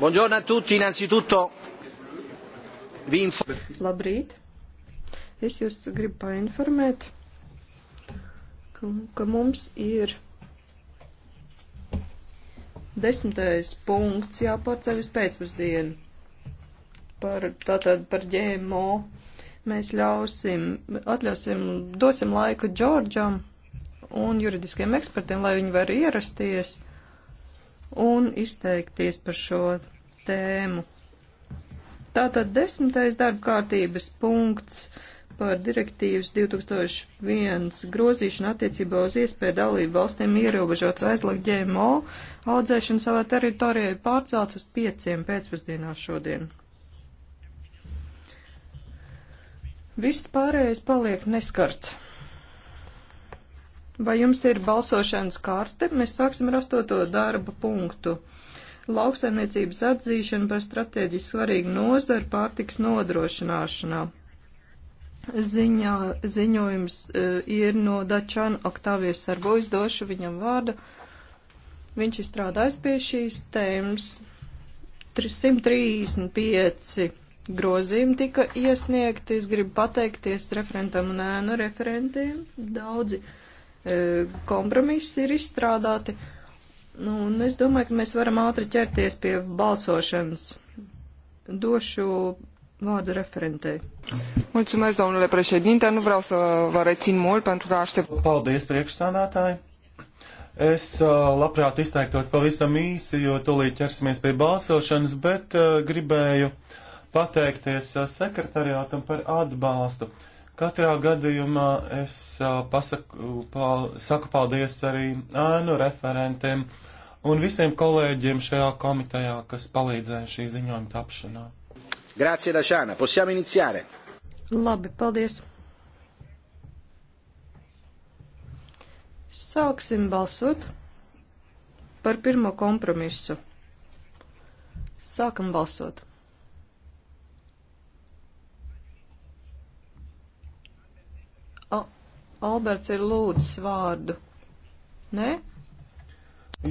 Buongiorno a tutti, innanzitutto vi informo. Labrīt! Es jūs gribu painformēt, ka, ka mums ir desmitais punkts jāpārceļ uz pēcpusdienu. Par, tātad par ģēmo mēs ļausim, atļausim, dosim laiku Džordžam un juridiskiem ekspertiem, lai viņi var ierasties un izteikties par šo tēmu. Tātad desmitais darba kārtības punkts par direktīvas 2001 grozīšanu attiecībā uz iespēju dalību valstīm ierobežot vai aizliegt GMO audzēšanu savā teritorijā pārcelt uz pieciem pēcpusdienās šodien. Viss pārējais paliek neskarts. Vai jums ir balsošanas karte? Mēs sāksim ar astoto darba punktu. Lauksaimniecības atzīšana par strateģiski svarīgu nozaru pārtiks nodrošināšanā. Ziņā, ziņojums uh, ir no Dačana Oktāvijas Sarbo izdošu viņam vārdu. Viņš ir strādājis pie šīs tēmas. 335 grozījumi tika iesniegti. Es gribu pateikties referentam un ēnu referentiem. Daudzi. Uh, E, kompromisi ir izstrādāti. Nu, un es domāju, ka mēs varam ātri ķerties pie balsošanas. Došu vārdu referentei. Mulțumesc, domnule președinte. Nu vreau să vă rețin mult pentru a aștept. Paldies, priekšstādātāji. Es uh, labprāt izteiktos pavisam īsi, jo tūlīt ķersimies pie balsošanas, bet uh, gribēju pateikties uh, sekretariātam par atbalstu. Uh, Katrā gadījumā es pasaku, pal, saku paldies arī ēnu referentiem un visiem kolēģiem šajā komitejā, kas palīdzēja šī ziņojuma tapšanā. Grazie, Dašana. Possiamo iniziare. Labi, paldies. Sāksim balsot par pirmo kompromisu. Sākam balsot. Alberts ir lūdzis vārdu. Ne?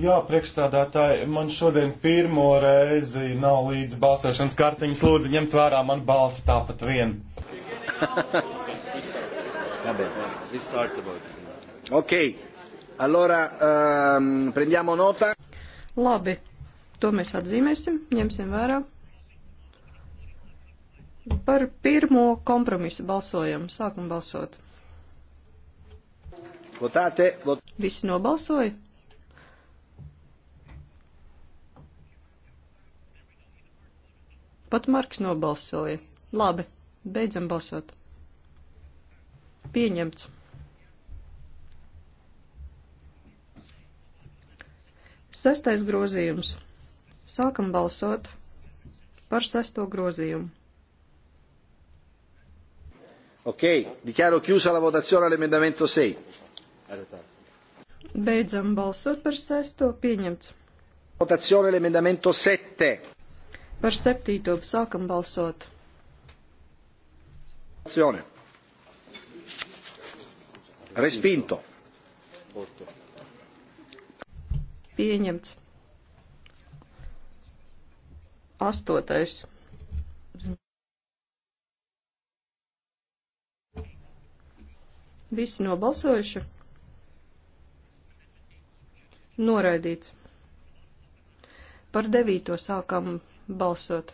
Jā, priekšstādātāji, man šodien pirmo reizi nav līdz balsošanas kartiņas. Lūdzu, ņemt vērā man balsi tāpat vien. ok, allora um, prendiamo nota. Labi, to mēs atzīmēsim, ņemsim vērā. Par pirmo kompromisu balsojam, sākam balsot. Votāte. Vot... Visi nobalsoja? Pat Marks nobalsoja. Labi, beidzam balsot. Pieņemts. Sestais grozījums. Sākam balsot par sesto grozījumu. Ok, dichiaro chiusa la votazione all'emendamento 6. Beidzam balsot par sesto pieņemts. Votazione l'emendamento 7. Par septīto sākam balsot. Votazione. Respinto. Pieņemts. Astotais. Visi nobalsojuši. Noraidīts. Par devīto sākam balsot.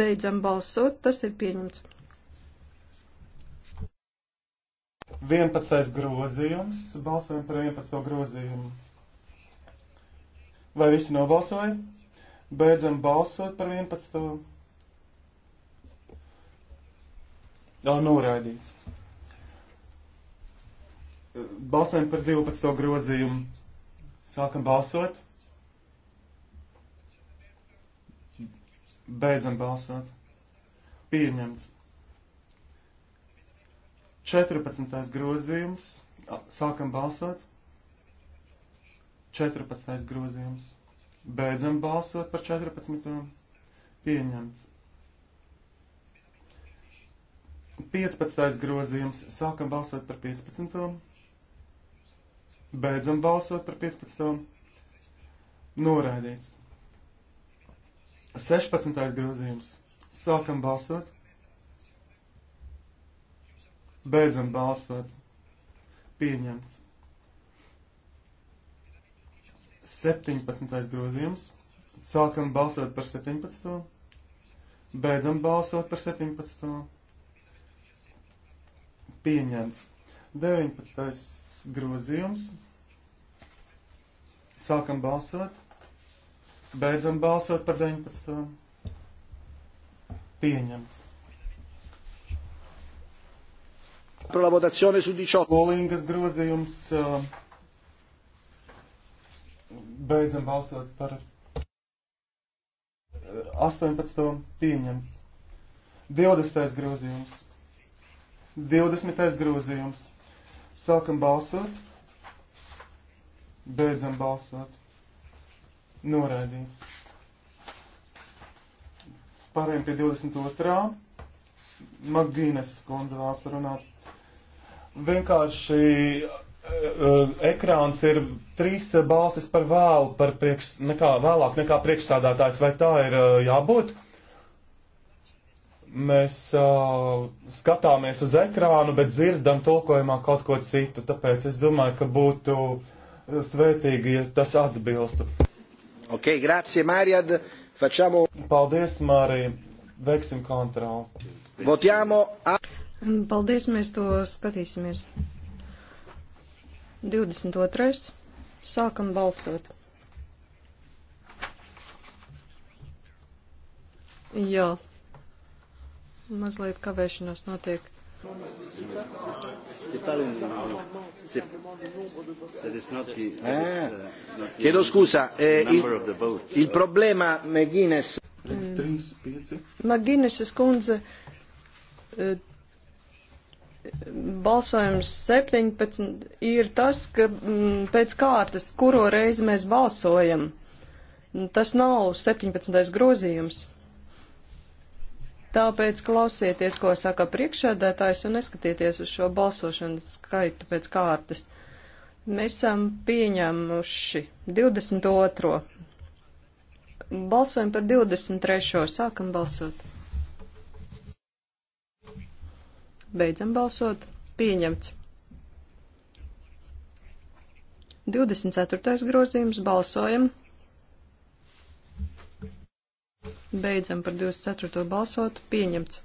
Beidzam balsot, tas ir pieņemts. 11. grozījums. Balsojam par 11. grozījumu. Vai visi nobalsoja? Beidzam balsot par 11. grozījumu. Nav noraidīts. Balsojam par 12. grozījumu. Sākam balsot. Beidzam balsot. Pieņemts. 14. grozījums. Sākam balsot. 14. grozījums. Beidzam balsot par 14. Pieņemts. 15. grozījums. Sākam balsot par 15. Beidzam balsot par 15. Noraidīts. 16. grozījums. Sākam balsot. Beidzam balsot. Pieņemts. 17. grozījums. Sākam balsot par 17. Beidzam balsot par 17 pieņemts. 19. grozījums. Sākam balsot. Beidzam balsot par 19. Pieņemts. Prolabotazione su 18. Kolingas grozījums. Uh, beidzam balsot par 18. Uh, pieņemts. 20. grozījums 20. grozījums. Sākam balsot. Beidzam balsot. Noraidīts. Pārējiem pie 22. Magdīnes skundze vēlas runāt. Vienkārši e, e, ekrāns ir trīs balsis par vēlu, par priekš, nekā, vēlāk nekā priekšsādātājs. Vai tā ir e, jābūt? mēs uh, skatāmies uz ekrānu, bet dzirdam tulkojumā kaut ko citu. Tāpēc es domāju, ka būtu svētīgi, ja tas atbilstu. Ok, grazie, Marijad. Facciamo... Paldies, Mārija. Veiksim kontroli. Votiamo. A... Paldies, mēs to skatīsimies. 22. Sākam balsot. Jā mazliet kavēšanās notiek. Eh. Uh, Chiedo scusa, eh, il, il problema McGuinness. McGuinness skundze, eh, balsojums 17 ir tas, ka m, mm, pēc kārtas, kuro reizi mēs balsojam. Tas nav 17. grozījums. Tāpēc klausieties, ko saka priekšsēdētājs un neskatieties uz šo balsošanas skaitu pēc kārtas. Mēs esam pieņēmuši 22. Balsojam par 23. Sākam balsot. Beidzam balsot. Pieņemts. 24. grozījums. Balsojam. Beidzam par 24. balsot. Pieņemts.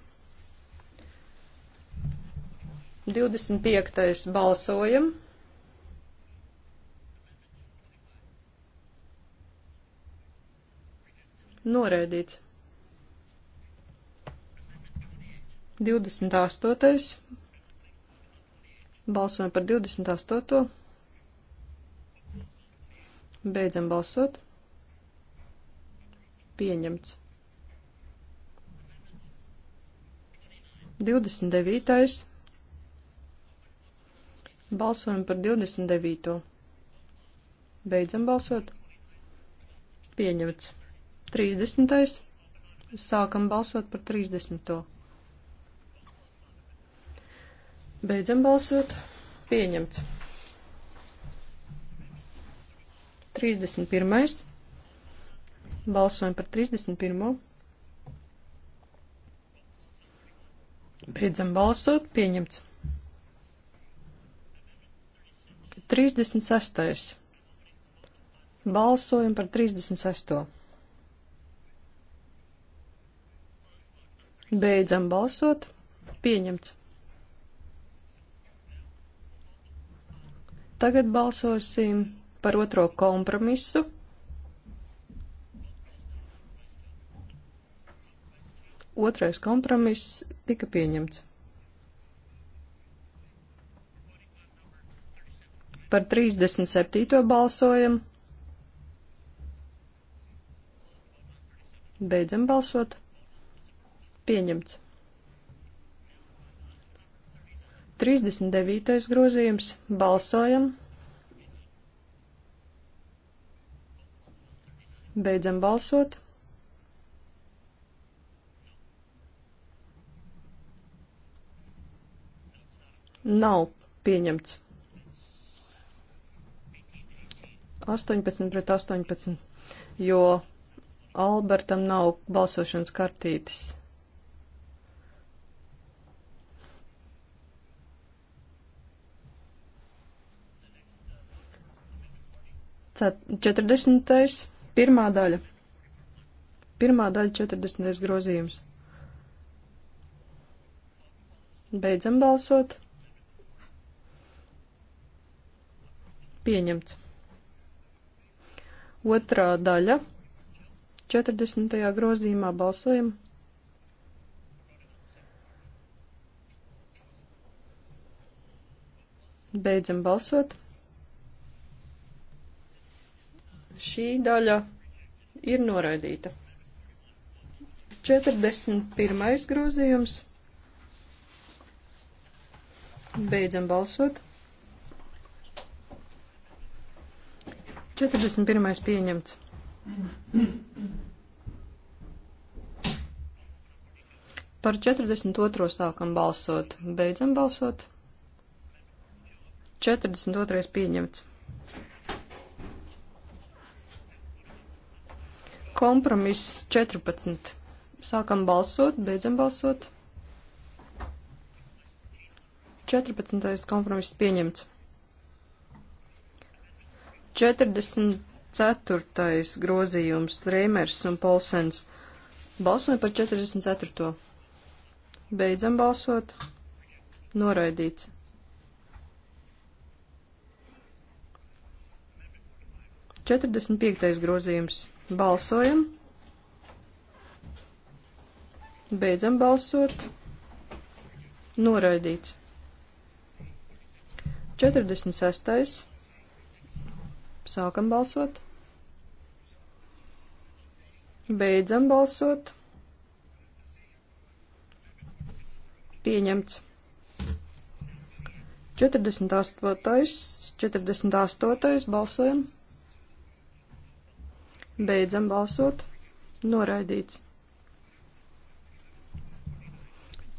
25. balsojam. Noraidīts. 28. Balsojam par 28. Beidzam balsot. Pieņemts. 29. Balsojam par 29. Beidzam balsot. Pieņemts. 30. Sākam balsot par 30. Beidzam balsot. Pieņemts. 31. Balsojam par 31. Beidzam balsot. Pieņemts. 36. Balsojam par 36. Beidzam balsot. Pieņemts. Tagad balsosim par otro kompromisu. Otrais kompromiss tika pieņemts. Par 37. balsojam. Beidzam balsot. Pieņemts. 39. grozījums. Balsojam. Beidzam balsot. nav pieņemts. 18 pret 18, jo Albertam nav balsošanas kartītes. Cet 40. pirmā daļa. Pirmā daļa 40. grozījums. Beidzam balsot. pieņemts. Otrā daļa 40. grozījumā balsojam. Beidzam balsot. Šī daļa ir noraidīta. 41. grozījums. Beidzam balsot. 41. pieņemts. 42. Par 42. sākam balsot. Beidzam balsot. 42. pieņemts. Kompromiss 14. Sākam balsot, beidzam balsot. 14. kompromiss pieņemts. 44. grozījums, Reimers un Polsens. Balsojam par 44. Beidzam balsot. Noraidīts. Četrdesmit piektais grozījums. Balsojam. Beidzam balsot. Noraidīts. 46. Sākam balsot. Beidzam balsot. Pieņemts. 48. 48. balsojam. Beidzam balsot. Noraidīts.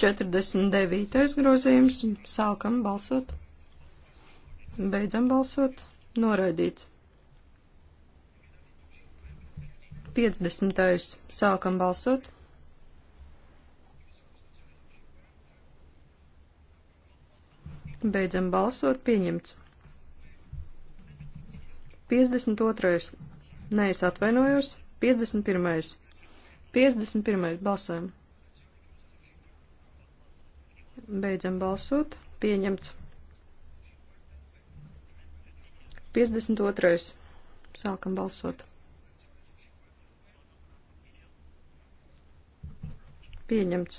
49. grozījums. Sākam balsot. Beidzam balsot. Noraidīts. 50. Sākam balsot. Beidzam balsot. Pieņemts. 52. Nē, es atvainojos. 51. 51. Balsojam. Beidzam balsot. Pieņemts. 52. Sākam balsot. Pieņemts.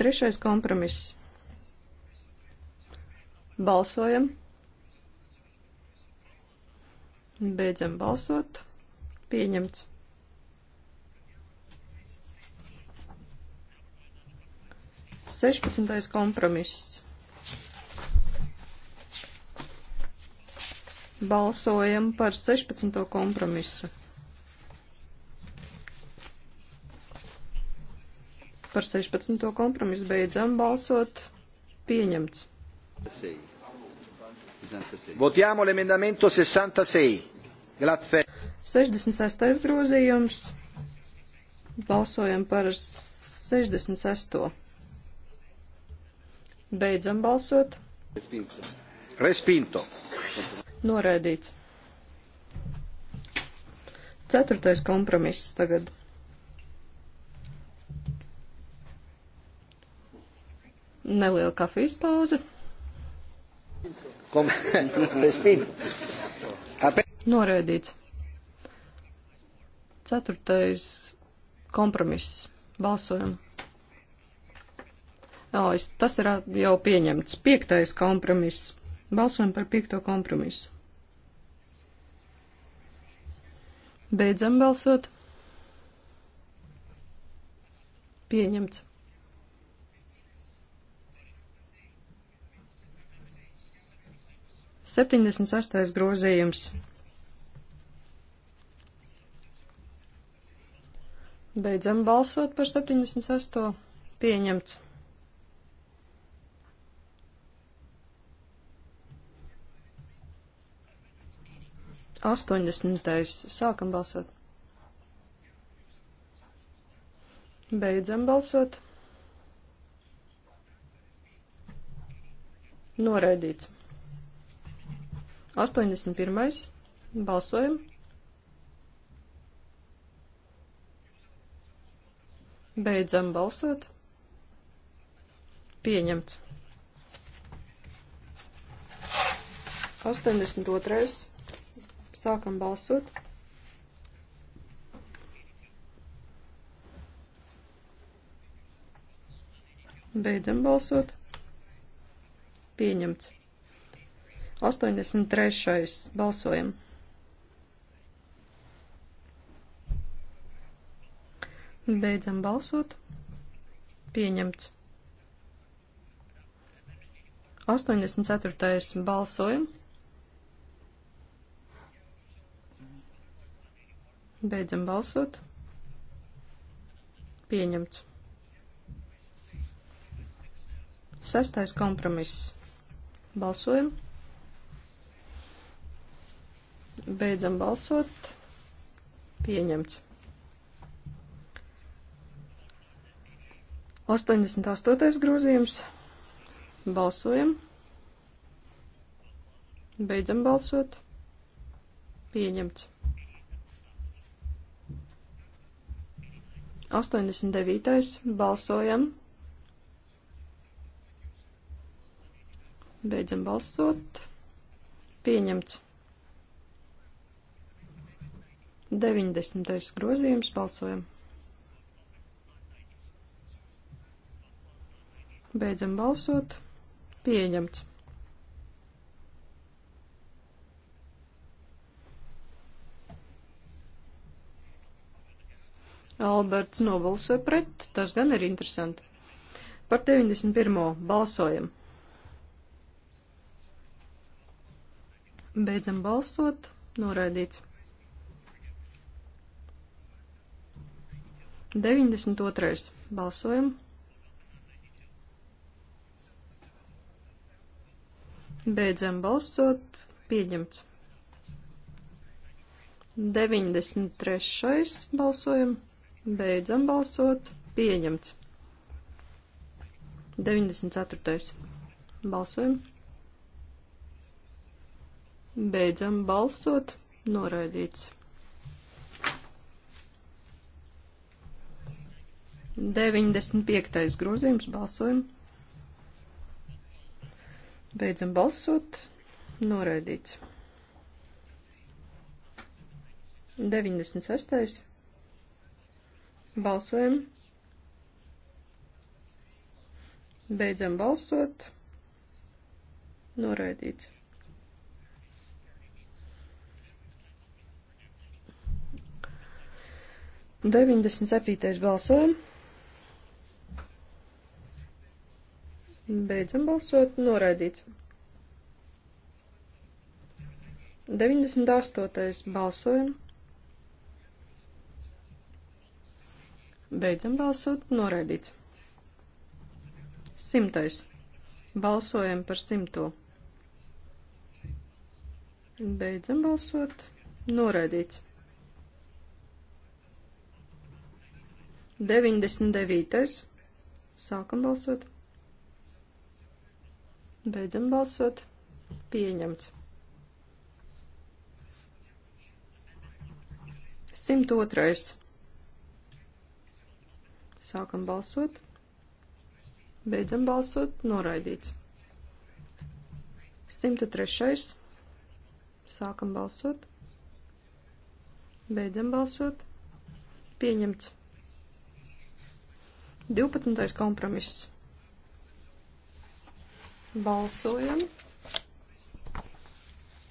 Trešais kompromiss. Balsojam. Beidzam balsot. Pieņemts. Sešpadsmitais kompromiss. Balsojam par 16. kompromisu. Par 16. kompromisu beidzam balsot. Pieņemts. Votiamo l'emendamento 66. Glatfe. 66. grozījums. Balsojam par 66. Beidzam balsot. Respinto. Noraidīts. Ceturtais kompromiss tagad. neliela kafijas pauze. Noraidīts. Ceturtais kompromiss. Balsojam. Jā, es, tas ir jau pieņemts. Piektais kompromiss. Balsojam par piekto kompromisu. Beidzam balsot. Pieņemts. 78. grozījums. Beidzam balsot par 78. Pieņemts. Astoņdesmitais. Sākam balsot. Beidzam balsot. Noraidīts. 81. Balsojam. Beidzam balsot. Pieņemts. 82. Sākam balsot. Beidzam balsot. Pieņemts. 83. balsojam. Beidzam balsot. Pieņemts. 84. balsojam. Beidzam balsot. Pieņemts. Sestais kompromiss. Balsojam. Beidzam balsot. Pieņemts. 88. grozījums. Balsojam. Beidzam balsot. Pieņemts. 89. Balsojam. Beidzam balsot. Pieņemts. 90. grozījums balsojam. Beidzam balsot. Pieņemts. Alberts nobalsoja pret, tas gan ir interesanti. Par 91. balsojam. Beidzam balsot, noraidīts. 92. Balsojam. Beidzam balsot. Pieņemts. 93. Balsojam. Beidzam balsot. Pieņemts. 94. Balsojam. Beidzam balsot. Noraidīts. 95. grozījums. Balsojam. Beidzam balsot. Noraidīts. 96. Balsojam. Beidzam balsot. Noraidīts. Deviņdesmit septītais balsojums. Beidzam balsot, noraidīts. 98. balsojam. Beidzam balsot, noraidīts. Simtais. Balsojam par simto. Beidzam balsot, noraidīts. 99. Sākam balsot. Beidzam balsot. Pieņemts. 102. Sākam balsot. Beidzam balsot. Noraidīts. 103. Sākam balsot. Beidzam balsot. Pieņemts. 12. kompromiss. Balsojam.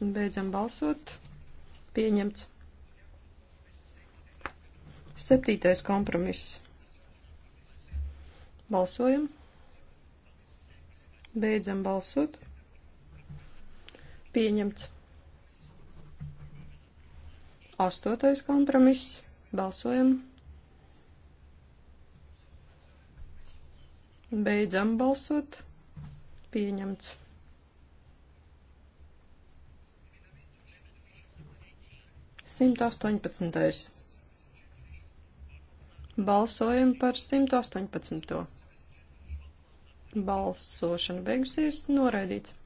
Beidzam balsot. Pieņemts. Septītais kompromiss. Balsojam. Beidzam balsot. Pieņemts. Astotais kompromiss. Balsojam. Beidzam balsot pieņemts. Simt astoņpadsmitais. Balsojam par 118. Balsošana beigusies, noraidīts.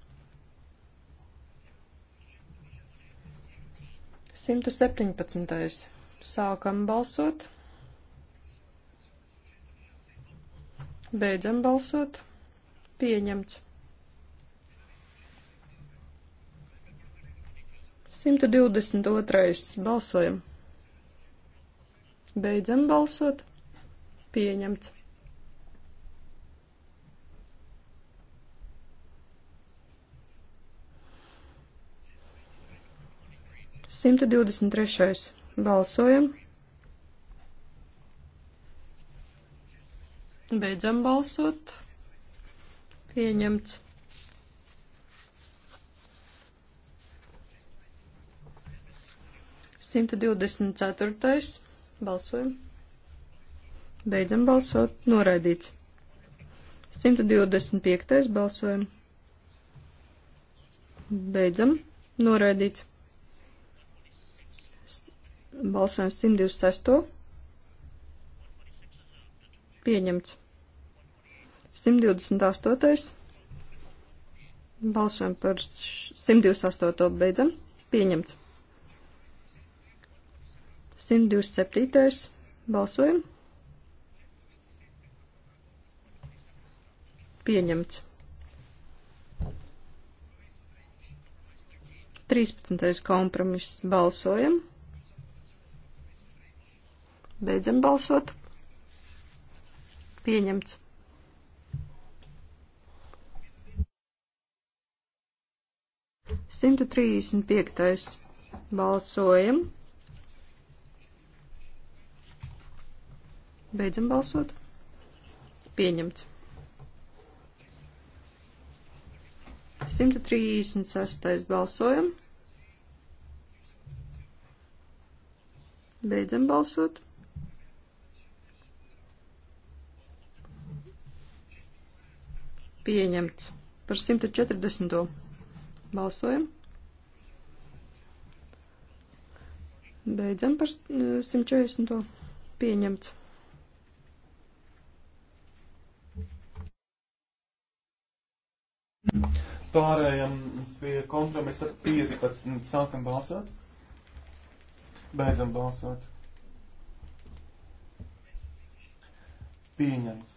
117. Sākam balsot. Beidzam balsot. Pieņemts. 122. balsojam. Beidzam balsot. Pieņemts. Simta divdesmit trešais. Balsojam. Beidzam balsot. Pieņemts. 124. Balsojam. Beidzam balsot. Noraidīts. 125. Balsojam. Beidzam. Noraidīts. Balsojam 126. Pieņemts. 128. Balsojam par 128. Beidzam. Pieņemts. 127. Balsojam. Pieņemts. 13. kompromiss. Balsojam. Beidzam balsot. Pieņemts. Simtu trīsdesmit piektais. Balsojam. Beidzam balsot. Pieņemts. 136. balsojam. Beidzam balsot. Pieņemts. Par 140. balsojam. Beidzam par 140. Eh, pieņemts. Pārējām pie kompromisa 15. Sākam balsot. Beidzam balsot. Pieņemts.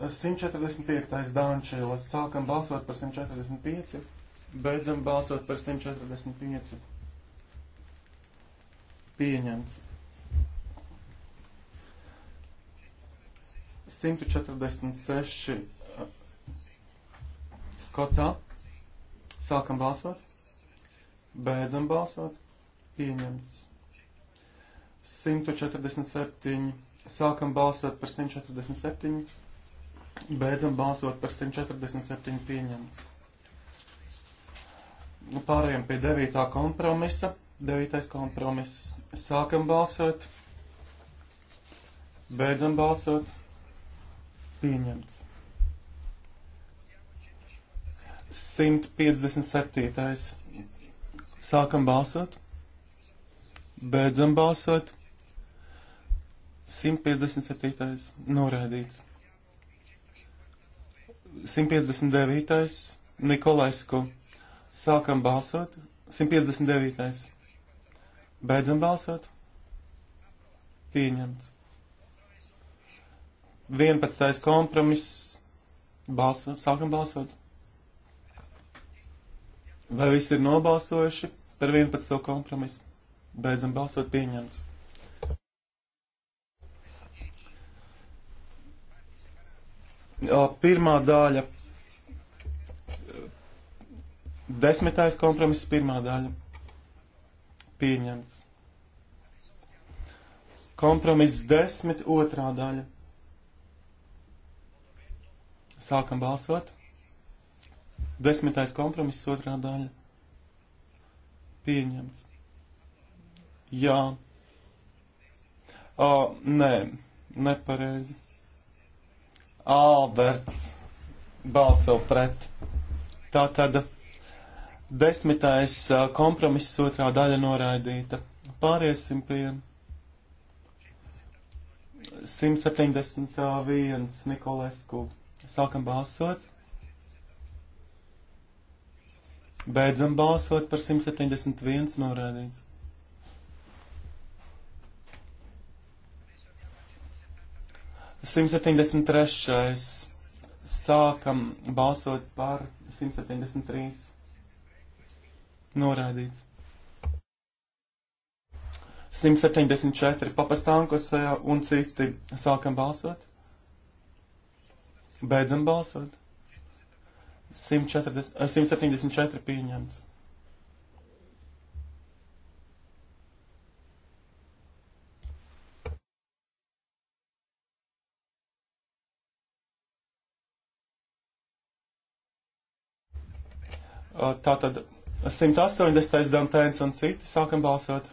145. Dančēlis. Sākam balsot par 145. Beidzam balsot par 145. Pieņemts. 146 skotā. Sākam balsot. Beidzam balsot. Pieņemts. 147. Sākam balsot par 147. Beidzam balsot par 147 pieņemts. Nu, pārējiem pie 9. kompromisa. 9. kompromiss. Sākam balsot. Beidzam balsot Pieņemts. 157. Sākam balsot. Beidzam balsot. 157. Norādīts. 159. Nikolaisko. Sākam balsot. 159. Beidzam balsot. Pieņemts. 11. kompromiss. Balso, sākam balsot. Vai visi ir nobalsojuši par 11. kompromisu? Beidzam balsot pieņemts. Pirmā daļa. Desmitais kompromiss, pirmā daļa. Pieņemts. Kompromiss desmit, otrā daļa Sākam balsot. Desmitais kompromiss, otrā daļa. Pieņemts. Jā. O, nē, nepareizi. Alberts balso pret. Tātad desmitais kompromiss, otrā daļa noraidīta. Pāriesim pie 171 Nikolesku Sākam balsot. Beidzam balsot par 171 norādīts. Simt septiņdesmit trešais. Sākam balsot par 173. Norādīts. 174 papastānkos un citi. Sākam balsot. Beidzam balsot. 140, 174 eh, pieņemts. Eh, tātad 180. Dantēns un citi sākam balsot.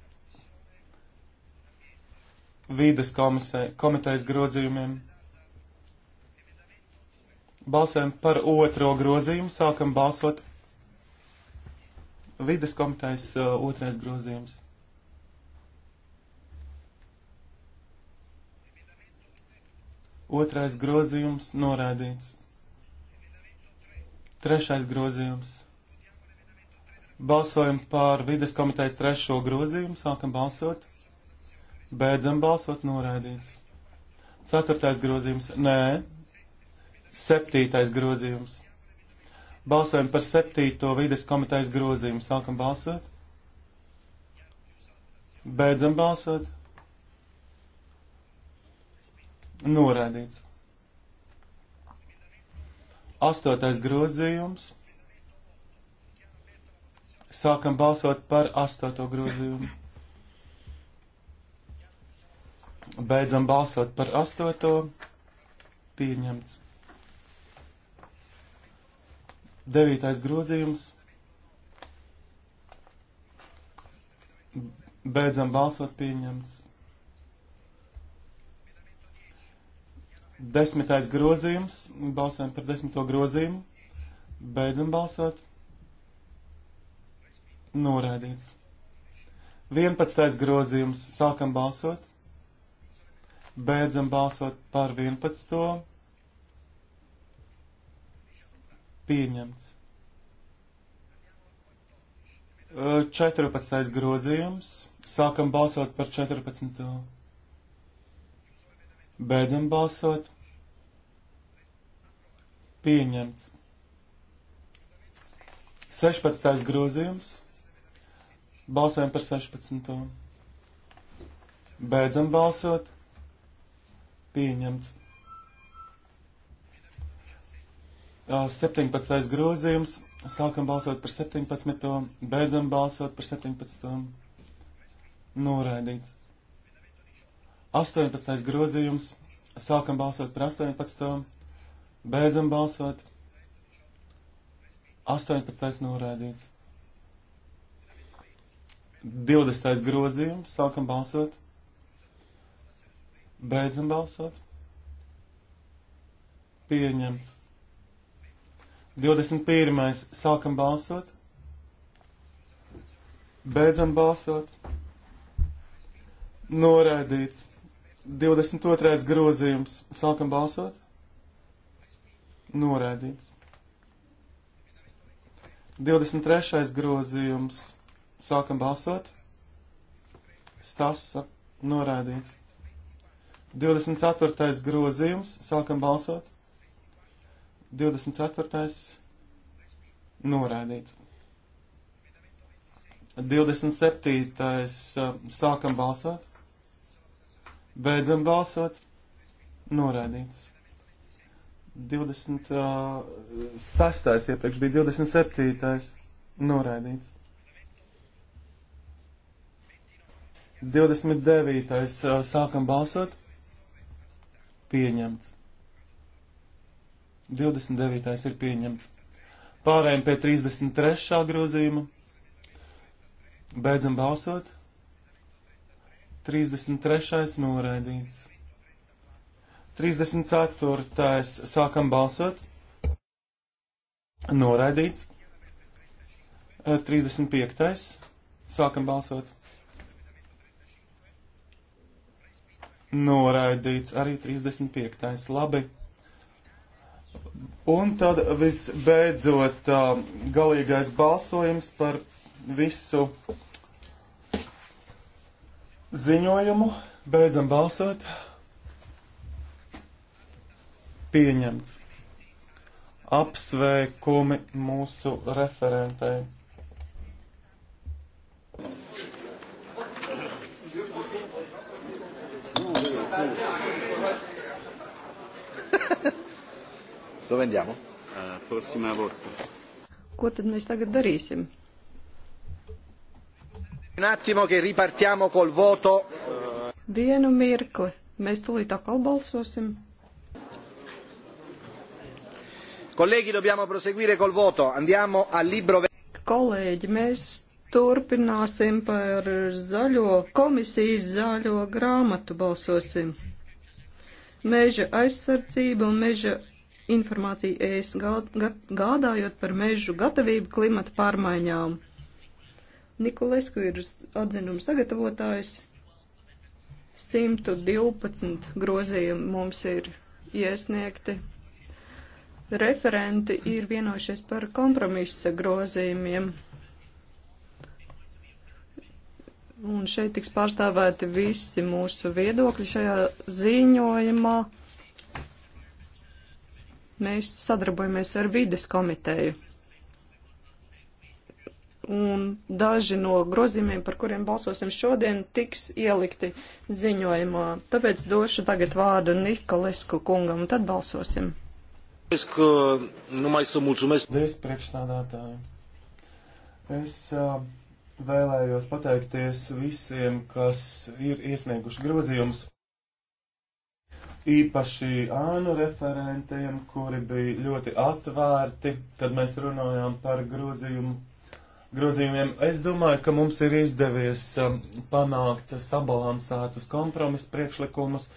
vīdes komitejas grozījumiem. Balsēm par otro grozījumu sākam balsot. Vides komitejas uh, otrais grozījums. Otrais grozījums norādīts. Trešais grozījums. Balsojam par vides komitejas trešo grozījumu. Sākam balsot. Beidzam balsot noraidīts. Ceturtais grozījums. Nē. Septītais grozījums. Balsojam par septīto vides komitejas grozījumu. Sākam balsot. Beidzam balsot. Noraidīts. Astotais grozījums. Sākam balsot par astoto grozījumu. Beidzam balsot par astoto. Pieņemts. Devītais grozījums. Beidzam balsot pieņemts. Desmitais grozījums. Balsojam par desmito grozījumu. Beidzam balsot. Noraidīts. Vienpadsmitais grozījums. Sākam balsot. Beidzam balsot par 11. Pieņemts. 14. grozījums. Sākam balsot par 14. Beidzam balsot. Pieņemts. 16. grozījums. Balsojam par 16. Beidzam balsot. Pieņemts. 17. grozījums. Sākam balsot par 17. Beidzam balsot par 17. Noraidīts. 18. grozījums. Sākam balsot par 18. Beidzam balsot. 18. noraidīts. 20. grozījums. Sākam balsot. Beidzam balsot. Pieņemts. 21. Sākam balsot. Beidzam balsot. Noraidīts. 22. grozījums. Sākam balsot. Noraidīts. 23. grozījums. Sākam balsot. Stasa. Noraidīts. 24. grozījums. Sākam balsot. 24. norādīts. 27. sākam balsot. Beidzam balsot. Norādīts. 26. iepriekš bija 27. norādīts. 29. sākam balsot pieņemts. 29. ir pieņemts. Pārējiem pie 33. grozījuma. Beidzam balsot. 33. noraidīts. 34. sākam balsot. Noraidīts. 35. sākam balsot. noraidīts arī 35. labi. Un tad visbeidzot galīgais balsojums par visu ziņojumu. Beidzam balsot. Pieņemts. Apsveikumi mūsu referentei. Dove andiamo? Alla eh, prossima volta. Ko tad mēs tagad darīsim? Un attimo, che ripartiamo col voto. Vienu mirkli. Mēs tūlīt atkal balsosim. Colleghi, dobbiamo proseguire col voto. Andiamo al libro. Colleghi, mēs Turpināsim par zaļo komisijas zaļo grāmatu balsosim. Meža aizsardzība un meža informācija ēs gādājot par mežu gatavību klimata pārmaiņām. Nikolesku ir atzinums sagatavotājs. 112 grozījumi mums ir iesniegti. Referenti ir vienojušies par kompromisa grozījumiem. Un šeit tiks pārstāvēti visi mūsu viedokļi šajā ziņojumā. Mēs sadarbojamies ar vides komiteju. Un daži no grozījumiem, par kuriem balsosim šodien, tiks ielikti ziņojumā. Tāpēc došu tagad vārdu Nikolesku kungam, un tad balsosim. Es, ka, nu, mēs esam mūsu mēs. Paldies, priekšstādātāji. Es uh, Vēlējos pateikties visiem, kas ir iesnieguši grozījumus, īpaši ānu referentiem, kuri bija ļoti atvērti, kad mēs runājām par grozījumu grozījumiem. Es domāju, ka mums ir izdevies um, panākt sabalansētus kompromisu priekšlikumus,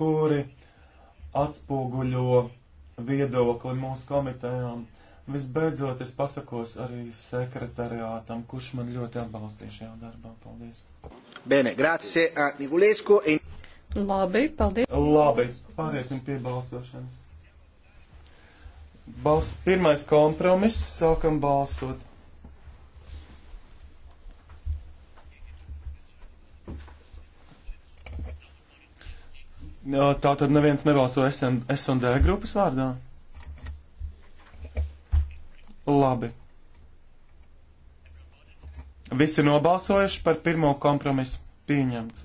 kuri atspoguļo viedokli mūsu komitejām. Visbeidzot, es pasakos arī sekretariātam, kurš man ļoti atbalstīja šajā darbā. Paldies! Bene, grazie, Nikulēsko. In... E- Labi, paldies! Labi, pāriesim pie balsošanas. Bals... Pirmais kompromiss, sākam balsot. Tā tad neviens nebalso S&D grupas vārdā? Labi. Visi nobalsojuši par pirmo kompromisu pieņemts.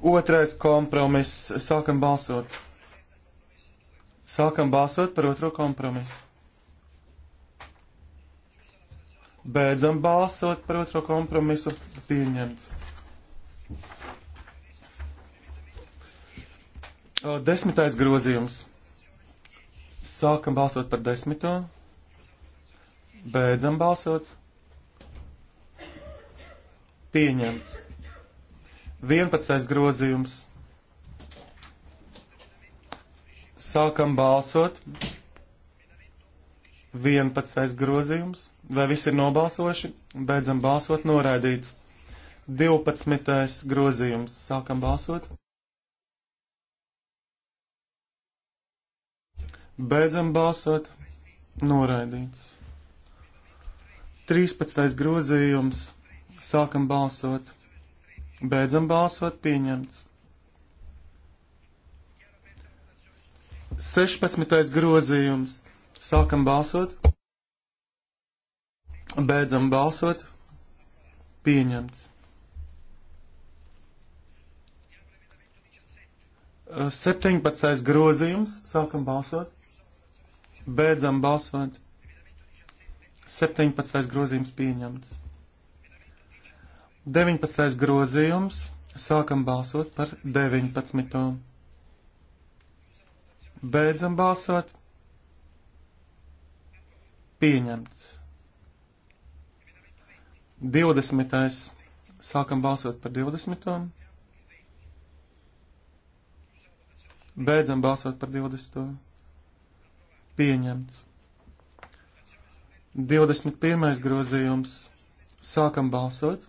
Otrais kompromiss. Sākam balsot. Sākam balsot par otro kompromisu. Beidzam balsot par otro kompromisu. Pieņemts. Desmitais grozījums. Sākam balsot par desmito. Beidzam balsot. Pieņemts. 11. grozījums. Sākam balsot. 11. grozījums. Vai visi ir nobalsojuši? Beidzam balsot. Noraidīts. 12. grozījums. Sākam balsot. Beidzam balsot. Noraidīts. 13. grozījums. Sākam balsot. Beidzam balsot. Pieņemts. 16. grozījums. Sākam balsot. Beidzam balsot. Pieņemts. 17. grozījums. Sākam balsot. Beidzam balsot. 17. grozījums pieņemts. 19. grozījums. Sākam balsot par 19. Beidzam balsot. Pieņemts. 20. Sākam balsot par 20. Beidzam balsot par 20. Pieņemts. 21. grozījums. Sākam balsot.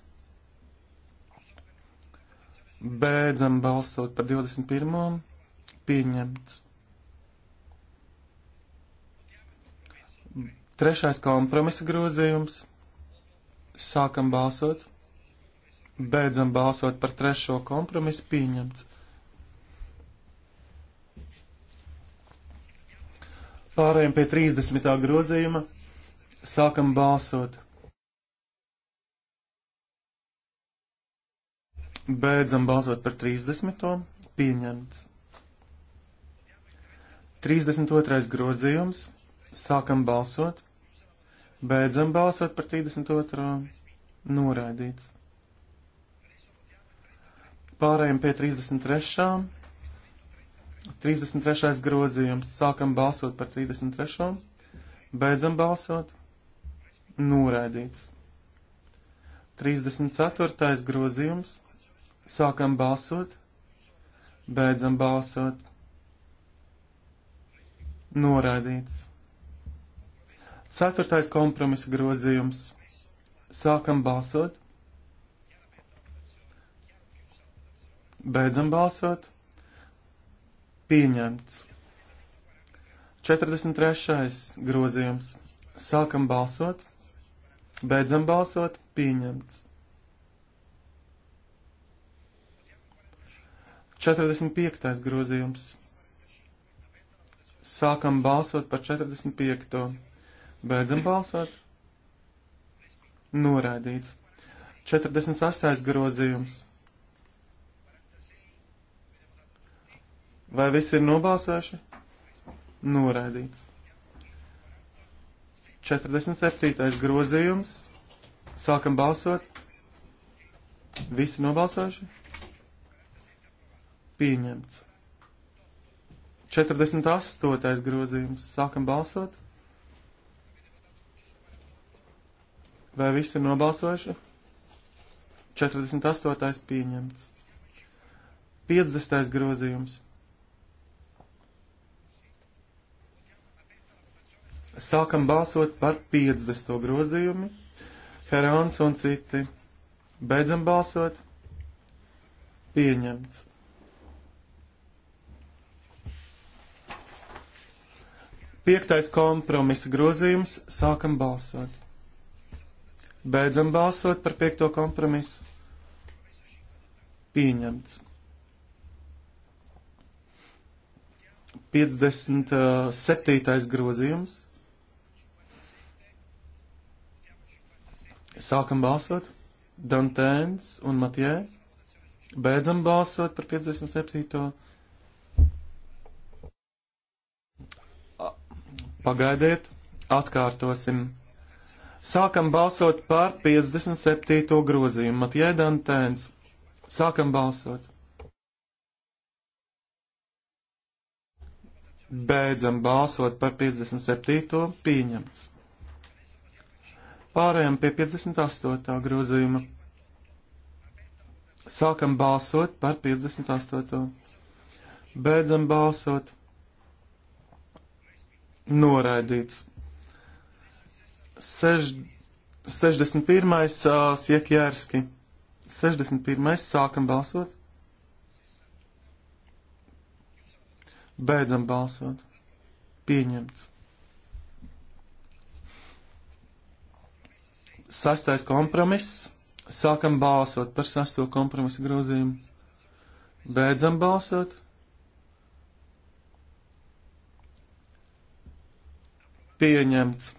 Beidzam balsot par 21. Pieņemts. Trešais kompromisa grozījums. Sākam balsot. Beidzam balsot par trešo kompromisu pieņemts. Pārējiem pie 30. grozījuma. Sākam balsot. Beidzam balsot par 30. Pieņemts. 32. grozījums. Sākam balsot. Beidzam balsot par 32. Noraidīts. Pārējiem pie 33. 33. grozījums. Sākam balsot par 33. Beidzam balsot. Noraidīts. 34. grozījums. Sākam balsot. Beidzam balsot. Noraidīts. 4. kompromisa grozījums. Sākam balsot. Beidzam balsot. Pieņemts. 43. grozījums. Sākam balsot. Beidzam balsot. Pieņemts. 45. grozījums. Sākam balsot par 45. Beidzam balsot. Noraidīts. 48. grozījums. Vai visi ir nobalsojuši? Noraidīts. 47. grozījums. Sākam balsot. Visi nobalsojuši? Pieņemts. 48. grozījums. Sākam balsot. Vai visi ir nobalsojuši? 48. pieņemts. 50. grozījums. Sākam balsot par 50. grozījumu. Herāns un citi. Beidzam balsot. Pieņemts. Piektais kompromisa grozījums. Sākam balsot. Beidzam balsot par piekto kompromisu. Pieņemts. 57. Uh, grozījums. Sākam balsot. Dantēns un Matjē. Beidzam balsot par 57. Pagaidiet, atkārtosim. Sākam balsot par 57. grozījumu. Matjē Dantēns. Sākam balsot. Beidzam balsot par 57. pieņemts. Pārējām pie 58. grozījuma. Sākam balsot par 58. Beidzam balsot. Noraidīts. Sež, 61. Siekjērski. 61. Sākam balsot. Beidzam balsot. Pieņemts. Sastais kompromiss. Sākam balsot par sasto kompromisu grozījumu. Beidzam balsot. Pieņemts.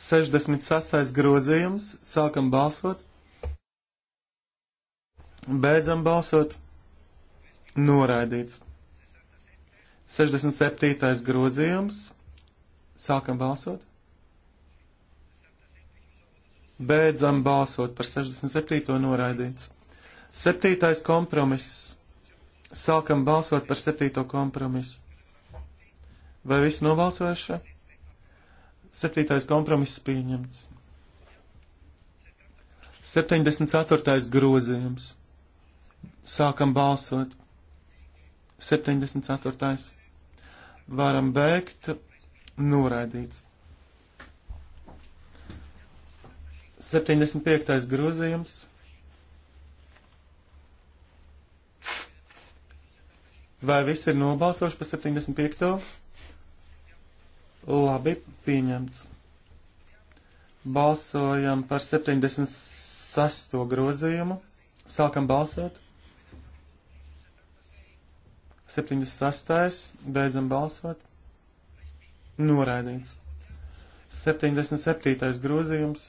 66. grozījums. Sākam balsot. Beidzam balsot. Noraidīts. 67. grozījums. Sākam balsot. Beidzam balsot par 67. noraidīts. Septītais kompromiss. Sākam balsot par septīto kompromisu. Vai viss nobalsojuši? Septītais kompromiss pieņemts. 74. grozījums. Sākam balsot. 74. Varam beigt Noraidīts. 75. grozījums. Vai visi ir nobalsojuši par 75. Labi, pieņemts. Balsojam par 76. grozījumu. Sākam balsot. 76. Beidzam balsot. Noraidīts. 77. grozījums.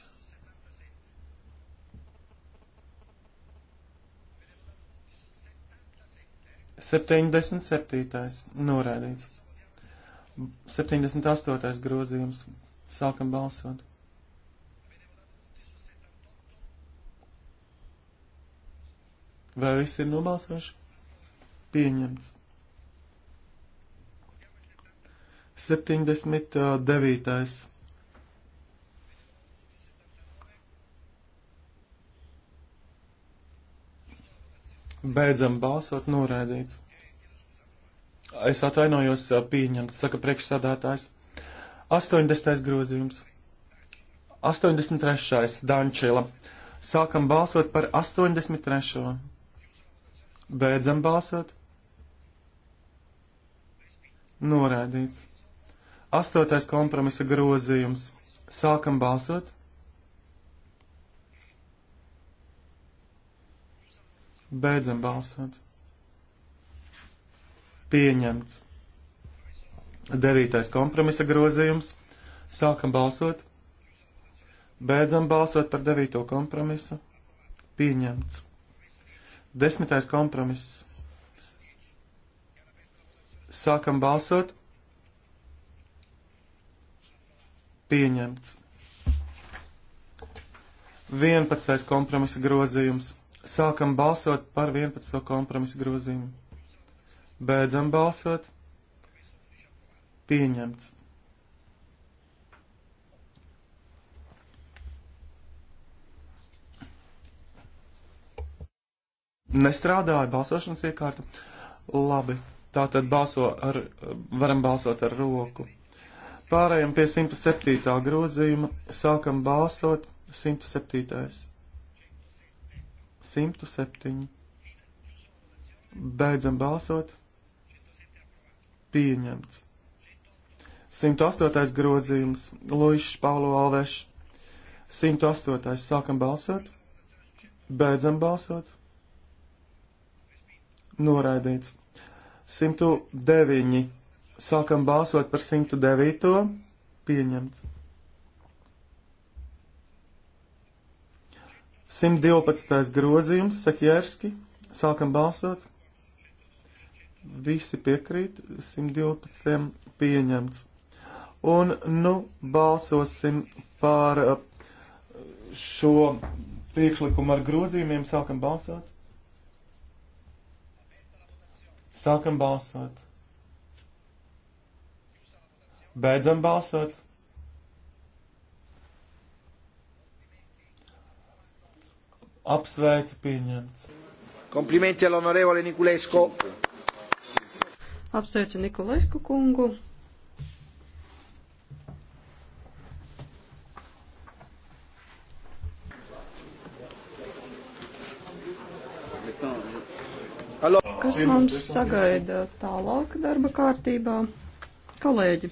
Septiņdesmit septītais noraidīts. Septiņdesmit astotais grozījums. Sākam balsot. Vai viss ir nobalsojuši? Pieņemts. 79. Beidzam balsot, noraidīts. Es atvainojos, pieņemts, saka priekšsādātājs. 80. grozījums. 83. Dančila. Sākam balsot par 83. Beidzam balsot. Noraidīts. Astotais kompromisa grozījums. Sākam balsot. Beidzam balsot. Pieņemts. Devītais kompromisa grozījums. Sākam balsot. Beidzam balsot par devīto kompromisu. Pieņemts. Desmitais kompromiss. Sākam balsot. Pieņemts. 11. kompromisa grozījums. Sākam balsot par 11. kompromisa grozījumu. Beidzam balsot. Pieņemts. Nestrādāja balsošanas iekārta. Labi, tātad balso ar, varam balsot ar roku. Pārējām pie 107. grozījuma. Sākam balsot 107. 107. Beidzam balsot. Pieņemts. 108. grozījums. Luīšs Paulo Alvešs. 108. Sākam balsot. Beidzam balsot. Noraidīts. 109. Sākam balsot par 109. pieņemts. 112. grozījums, Sekjērski, sākam balsot. Visi piekrīt, 112. pieņemts. Un nu balsosim par uh, šo priekšlikumu ar grozījumiem, sākam balsot. Sākam balsot. Beidzam balsot. Apsveicu pieņemts. Komplimenti all'onorevole Niculesco. Apsveicu Nikulesku kungu. Kas mums sagaida tālāk darba kārtībā? Kolēģi!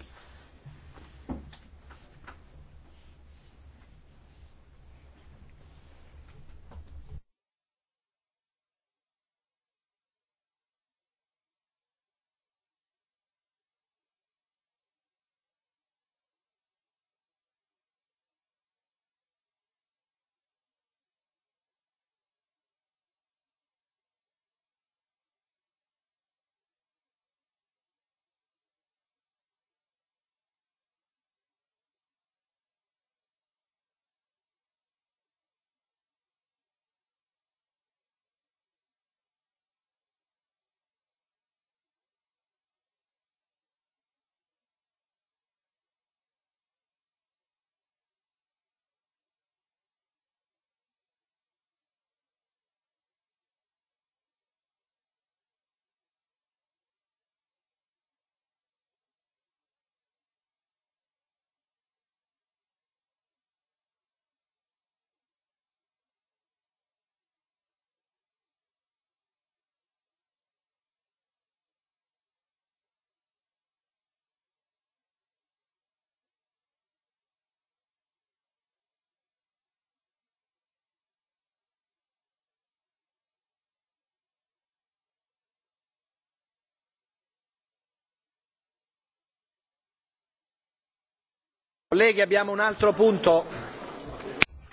Kolēģi, abbiamo un altro punto.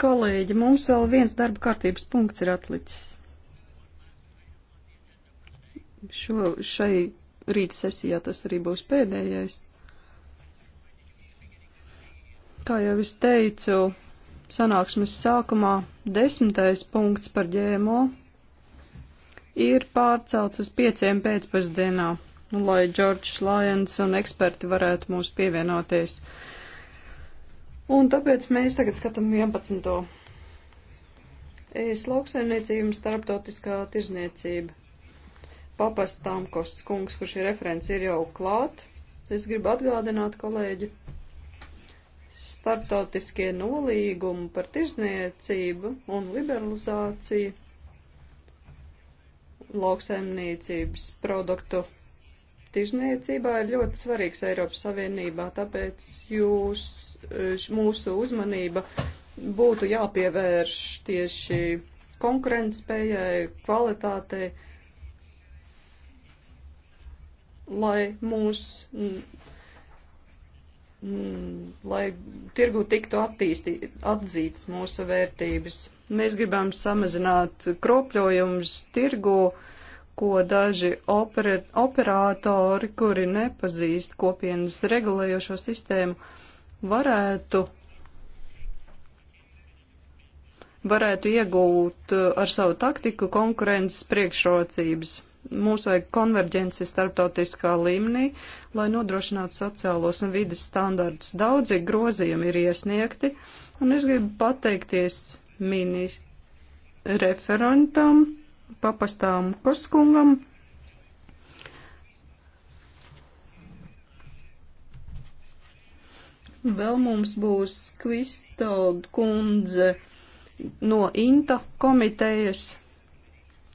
Kolēģi, mums vēl viens darba kārtības punkts ir atlicis. Šo, šai rīta sesijā tas arī būs pēdējais. Kā jau es teicu, sanāksmes sākumā desmitais punkts par ģēmo ir pārcelts uz pieciem pēcpusdienā, lai Džordžs Lajens un eksperti varētu mūs pievienoties. Uh, Un tāpēc mēs tagad skatām 11. Es lauksaimniecību un starptautiskā tirzniecība. Papas Tamkosts kungs, kurš ir referents, ir jau klāt. Es gribu atgādināt, kolēģi, starptautiskie nolīgumi par tirzniecību un liberalizāciju lauksaimniecības produktu tirzniecībā ir ļoti svarīgs Eiropas Savienībā, tāpēc jūs mūsu uzmanība būtu jāpievērš tieši konkurentspējai, kvalitātei, lai mūs, lai tirgu tiktu attīstī, atzīts mūsu vērtības. Mēs gribam samazināt kropļojumus tirgu, ko daži opera, operatori, kuri nepazīst kopienas regulējošo sistēmu, varētu, varētu iegūt uh, ar savu taktiku konkurences priekšrocības. Mums vajag konverģenci starptautiskā līmenī, lai nodrošinātu sociālos un vidas standartus. Daudzi grozījumi ir iesniegti, un es gribu pateikties mini referentam, papastām Koskungam Vēl mums būs Kvistold kundze no INTA komitejas.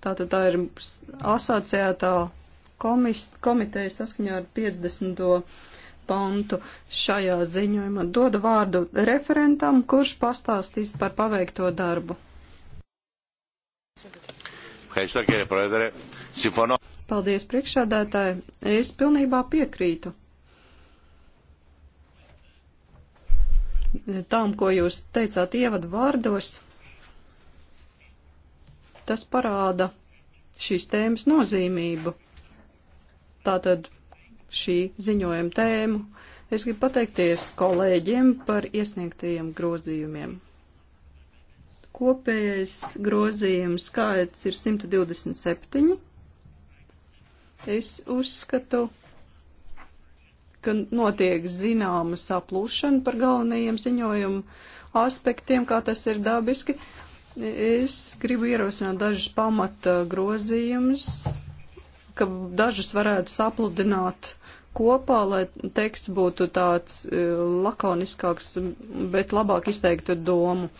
Tātad tā ir asociētā komis, komiteja saskaņā ar 50. pantu šajā ziņojumā. Dodu vārdu referentam, kurš pastāstīs par paveikto darbu. Paldies, priekšādātāji. Es pilnībā piekrītu tām, ko jūs teicāt ievadu vārdos, tas parāda šīs tēmas nozīmību. Tātad šī ziņojuma tēmu. Es gribu pateikties kolēģiem par iesniegtajiem grozījumiem. Kopējais grozījuma skaits ir 127. Es uzskatu, ka notiek zināma saplūšana par galvenajiem ziņojumu aspektiem, kā tas ir dabiski. Es gribu ierosināt dažus pamata grozījumus, ka dažus varētu sapludināt kopā, lai teksts būtu tāds e, lakoniskāks, bet labāk izteiktu domu.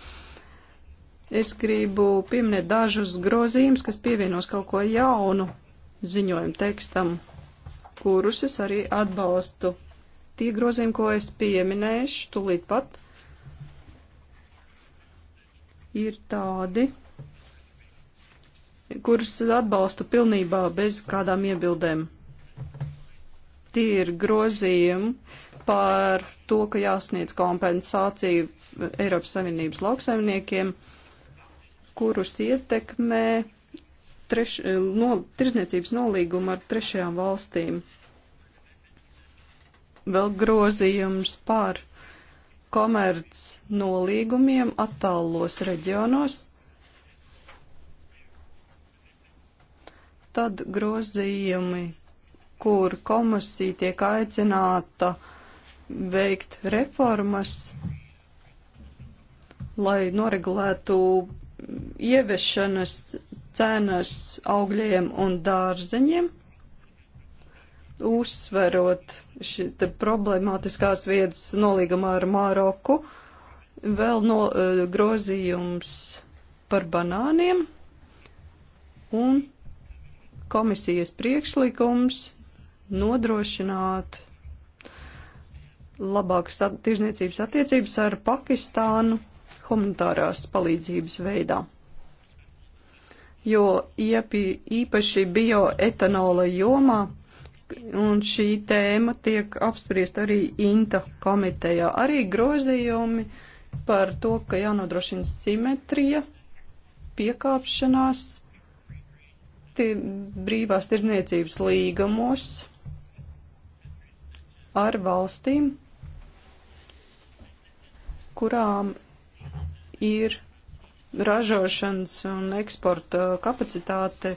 Es gribu pieminēt dažus grozījumus, kas pievienos kaut ko jaunu ziņojumu tekstam, kurus es arī atbalstu. Tie grozījumi, ko es pieminēšu, tulīt pat ir tādi, kurus atbalstu pilnībā bez kādām iebildēm. Tie ir grozījumi par to, ka jāsniedz kompensācija Eiropas Savienības lauksaimniekiem, kurus ietekmē treš, no, tirzniecības nolīgumu ar trešajām valstīm. Vēl grozījums par komerc nolīgumiem attālos reģionos. Tad grozījumi, kur komisija tiek aicināta veikt reformas, lai noregulētu ieviešanas cenas augļiem un dārzeņiem, uzsverot šīs problemātiskās vietas nolīgumā ar Māroku, vēl no, eh, grozījums par banāniem un komisijas priekšlikums nodrošināt labākas tirzniecības attiecības ar Pakistānu humanitārās palīdzības veidā jo iepi, īpaši bioetanola jomā, un šī tēma tiek apspriest arī INTA komitejā. Arī grozījumi par to, ka jānodrošina simetrija, piekāpšanās, tie brīvās tirniecības līgumos ar valstīm, kurām ir ražošanas un eksporta kapacitāte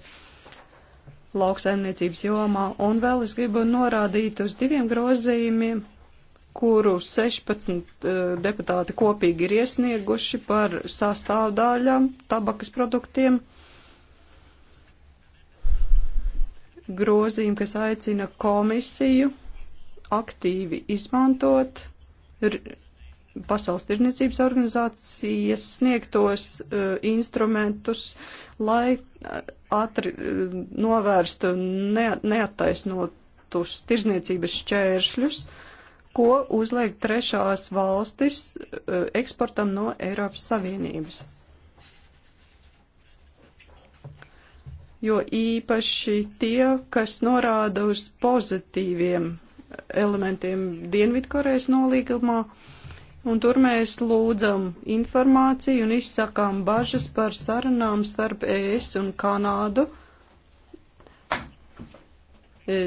lauksaimniecības jomā. Un vēl es gribu norādīt uz diviem grozījumiem, kuru 16 uh, eh, deputāti kopīgi ir iesnieguši par sastāvdaļām tabakas produktiem. Grozījumi, kas aicina komisiju aktīvi izmantot Pasaules tirdzniecības organizācijas sniegtos uh, instrumentus, lai uh, atri, uh, novērstu ne, neattaisnotus tirdzniecības šķēršļus, ko uzliek trešās valstis uh, eksportam no Eiropas Savienības. Jo īpaši tie, kas norāda uz pozitīviem elementiem Dienvidkorejas nolīgumā, uh, un tur mēs lūdzam informāciju un izsakām bažas par sarunām starp ES un Kanādu. E,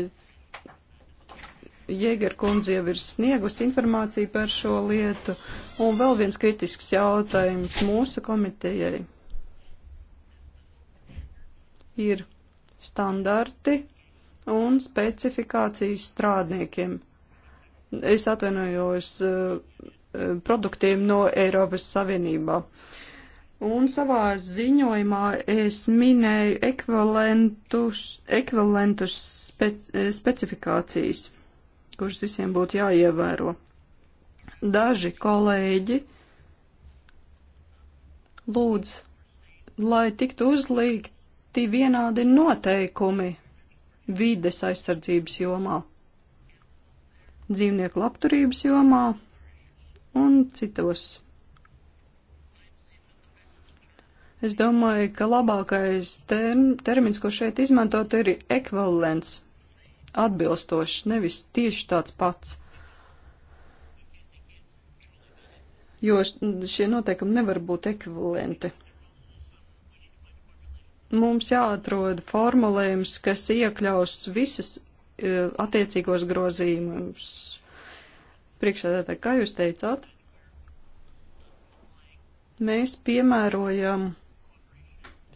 Jēger kundze jau ir sniegusi informāciju par šo lietu. Un vēl viens kritisks jautājums mūsu komitejai ir standarti un specifikācijas strādniekiem. Es atvainojos, Eh, produktiem no Eiropas Savienībā. Un savā ziņojumā es minēju ekvivalentus, ekvivalentus spec, eh, specifikācijas, kuras visiem būtu jāievēro. Daži kolēģi lūdz, lai tiktu uzlīgti vienādi noteikumi vides aizsardzības jomā, dzīvnieku labturības jomā un citos. Es domāju, ka labākais term, termins, ko šeit izmantot, ir ekvivalents, atbilstošs, nevis tieši tāds pats. Jo šie noteikumi nevar būt ekvivalenti mums jāatrod formulējums, kas iekļaus visus e, attiecīgos grozījumus, Priekšsēdētāji, kā jūs teicāt, mēs piemērojam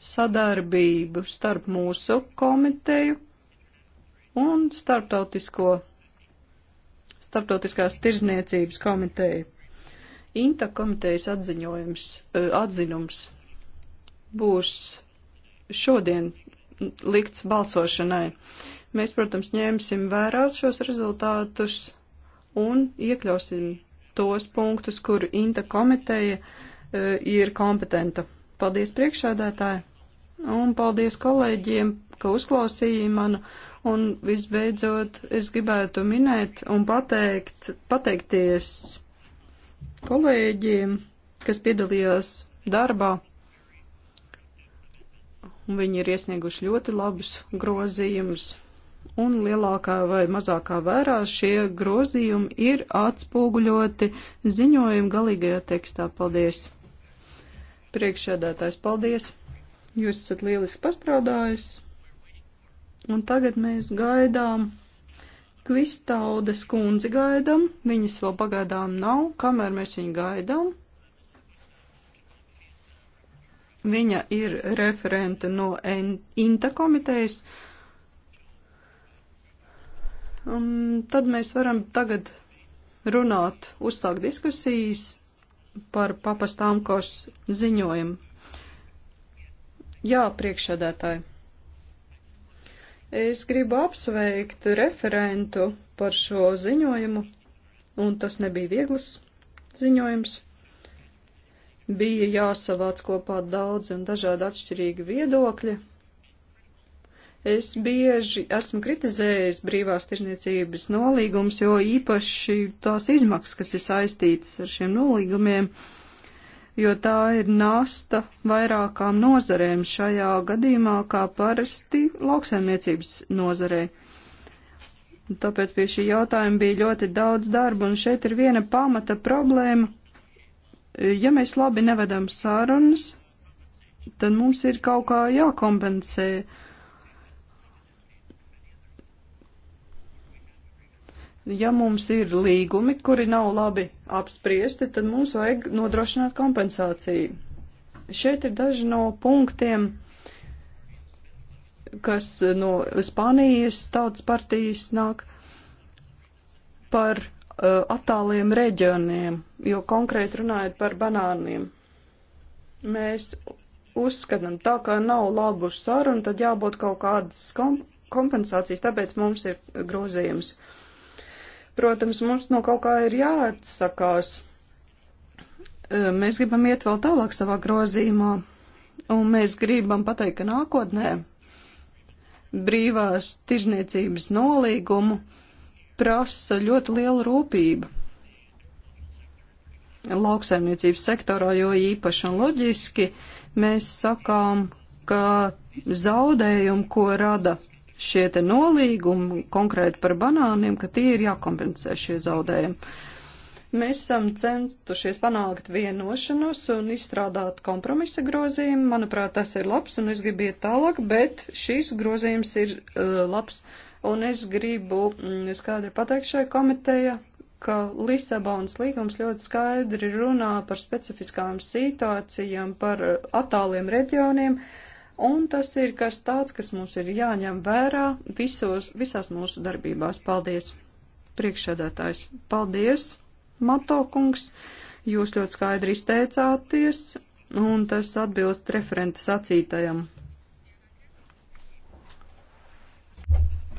sadarbību starp mūsu komiteju un starptautisko, starptautiskās tirzniecības komiteju. Inta komitejas atziņojums, e, atzinums būs šodien likts balsošanai. Mēs, protams, ņemsim vērā šos rezultātus un iekļausim tos punktus, kur Inta komiteja uh, ir kompetenta. Paldies priekšādātāji un paldies kolēģiem, ka uzklausīja manu. Un visbeidzot, es gribētu minēt un pateikt, pateikties kolēģiem, kas piedalījās darbā. Viņi ir iesnieguši ļoti labus grozījumus, un lielākā vai mazākā vērā šie grozījumi ir atspoguļoti ziņojuma galīgajā tekstā. Paldies! Priekšsēdētājs, paldies! Jūs esat lieliski pastrādājis, un tagad mēs gaidām. Kvistaudes kundzi gaidām, viņas vēl pagaidām nav, kamēr mēs viņu gaidām. Viņa ir referente no INTA komitejas. Un tad mēs varam tagad runāt, uzsākt diskusijas par papastāmkos ziņojumu. Jā, priekšsēdētāji. Es gribu apsveikt referentu par šo ziņojumu, un tas nebija viegls ziņojums. Bija jāsavāc kopā daudzi un dažādi atšķirīgi viedokļi, Es bieži esmu kritizējis brīvās tirzniecības nolīgumus, jo īpaši tās izmaksas, kas ir saistītas ar šiem nolīgumiem, jo tā ir nasta vairākām nozarēm šajā gadījumā, kā parasti lauksaimniecības nozarē. Tāpēc pie šī jautājuma bija ļoti daudz darba, un šeit ir viena pamata problēma. Ja mēs labi nevedam sārunas, tad mums ir kaut kā jākompensē uh, ja mums ir līgumi, kuri nav labi apspriesti, tad mums vajag nodrošināt kompensāciju. Šeit ir daži no punktiem, kas no Spānijas tautas partijas nāk par uh, attāliem reģioniem, jo konkrēti runājot par banāniem. Mēs uzskatām, tā kā nav labu sarunu, tad jābūt kaut kādas komp kompensācijas, tāpēc mums ir grozījums. Uh, Protams, mums no kaut kā ir jāatsakās. Mēs gribam iet vēl tālāk savā grozījumā, un mēs gribam pateikt, ka nākotnē brīvās tirzniecības nolīgumu prasa ļoti liela rūpība lauksaimniecības sektorā, jo īpaši un loģiski mēs sakām, ka zaudējumu, ko rada šie te nolīgumi konkrēti par banāniem, ka tie ir jākompensē šie zaudējumi. Mēs esam centušies panākt vienošanos un izstrādāt kompromisa grozījumu. Manuprāt, tas ir labs un es gribu iet tālāk, bet šīs grozījums ir uh, labs. Un es gribu mm, skaidri pateikt šai komiteja, ka Lisabonas līgums ļoti skaidri runā par specifiskām situācijām, par uh, attāliem reģioniem. Uh, Un tas ir kas tāds, kas mums ir jāņem vērā visos, visās mūsu darbībās. Paldies, priekšsēdētājs. Paldies, Mato kungs. Jūs ļoti skaidri izteicāties, un tas atbilst referenta sacītajam.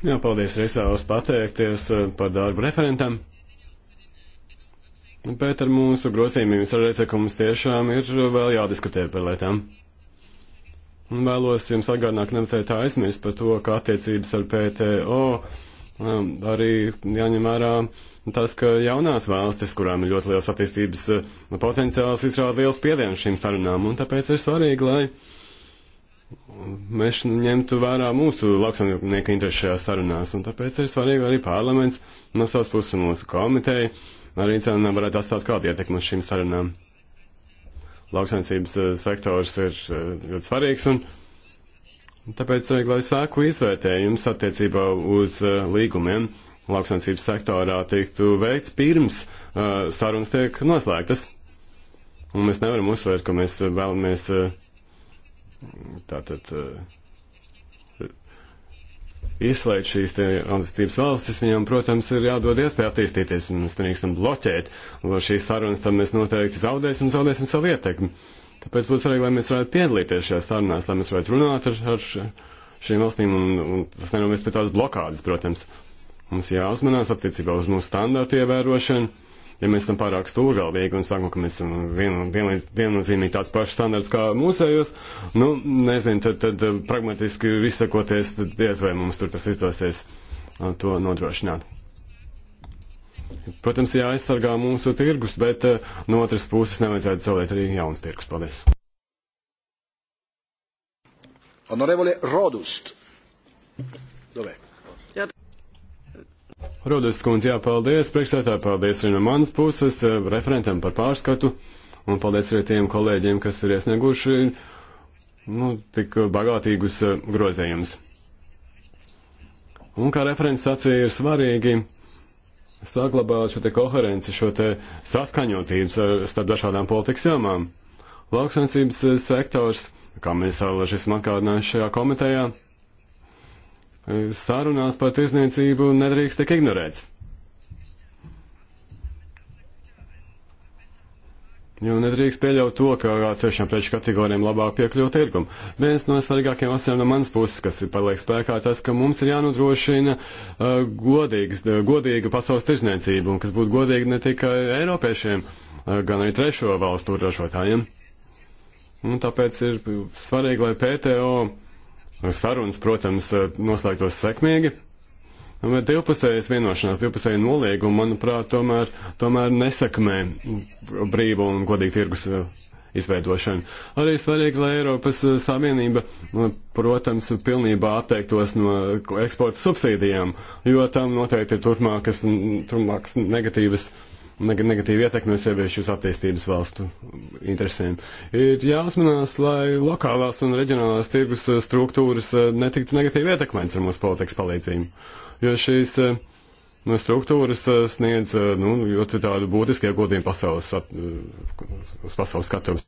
Jā, paldies, es vēlos pateikties eh, par darbu referentam. Bet ar mūsu grozījumiem es redzu, ka mums tiešām ir eh, vēl jādiskutē par lietām. Un vēlos jums atgādināt, ka nevajadzētu aizmirst par to, ka attiecības ar PTO um, arī jāņem vērā tas, ka jaunās valstis, kurām ir ļoti liels attīstības uh, potenciāls, izrāda liels piedienu šīm sarunām, un tāpēc ir svarīgi, lai mēs ņemtu vērā mūsu lauksamnieku interesi šajās sarunās, un tāpēc ir svarīgi arī parlaments no savas puses mūsu komiteja arī cenā varētu atstāt kādu ietekmu uz šīm sarunām lauksainicības eh, sektors ir eh, ļoti svarīgs, un tāpēc vajag, lai sāku izvērtējums attiecībā uz eh, līgumiem lauksainicības sektorā tiktu veikts pirms uh, sarunas tiek noslēgtas. Un mēs nevaram uzsvērt, ka mēs vēlamies uh, tātad. Uh, izslēgt šīs attīstības valstis, viņam, protams, ir jādod iespēja attīstīties, un mēs nedrīkstam bloķēt, un šīs sarunas tam mēs noteikti zaudēsim, zaudēsim savu ietekmi. Tāpēc būs svarīgi, lai mēs varētu piedalīties šajās sarunās, lai mēs varētu runāt ar, ar šīm valstīm, un, un tas nenovēs pie tādas blokādes, protams. Mums jāuzmanās attiecībā uz mūsu standārtu ievērošanu ja mēs esam pārāk stūrgalvīgi un sakam, ka mēs esam vien, vienlīdz, viennozīmīgi tāds pašs standarts kā mūsējos, nu, nezinu, tad, tad eh, pragmatiski izsakoties, tad diez vai mums tur tas izdosies eh, to nodrošināt. Protams, jāaizsargā mūsu tirgus, bet eh, no otras puses nevajadzētu zaudēt arī jaunas tirgus. Paldies! Honorevole Rodust. Rodas kundze, jāpaldies, priekšstētāji, paldies arī no manas puses, eh, referentam par pārskatu, un paldies arī tiem kolēģiem, kas ir iesnieguši nu, tik bagātīgus eh, grozējumus. Un kā referents sacīja, ir svarīgi saglabāt šo te koherenci, šo te saskaņotības eh, starp dažādām politikas jomām. Lauksensības sektors, kā mēs vēl šis man kādinājām šajā komitejā, sarunās par tirzniecību nedrīkst tik ignorēts. Jo nedrīkst pieļaut to, ka atsevišķām preču kategorijām labāk piekļūt tirgumu. Viens no svarīgākajiem asiem no manas puses, kas ir paliek spēkā, tas, ka mums ir jānodrošina uh, godīgs, godīga pasaules tirzniecība, un kas būtu godīga ne tikai eiropiešiem, uh, gan arī trešo valstu ražotājiem. Un tāpēc ir svarīgi, lai PTO uh, Sarunas, protams, eh, noslēgtos sekmīgi, nu, bet divpusējas vienošanās, divpusēja nolieguma, manuprāt, tomēr, tomēr nesakmē brīvu un godīgu tirgus eh, izveidošanu. Arī svarīgi, lai Eiropas eh, Savienība, protams, pilnībā atteiktos no eksporta subsīdijām, jo tam noteikti ir turpmākas, turpmākas negatīvas uh, negatīvi ietekmi uz sieviešu uz attīstības valstu interesēm. Ir jāuzmanās, lai lokālās un reģionālās tirgus eh, struktūras eh, netiktu negatīvi ietekmētas ar mūsu politikas palīdzību. Jo šīs eh, nu, struktūras sniedz nu, ļoti tādu būtisku ieguldījumu pasaules, at, uz pasaules skatuves.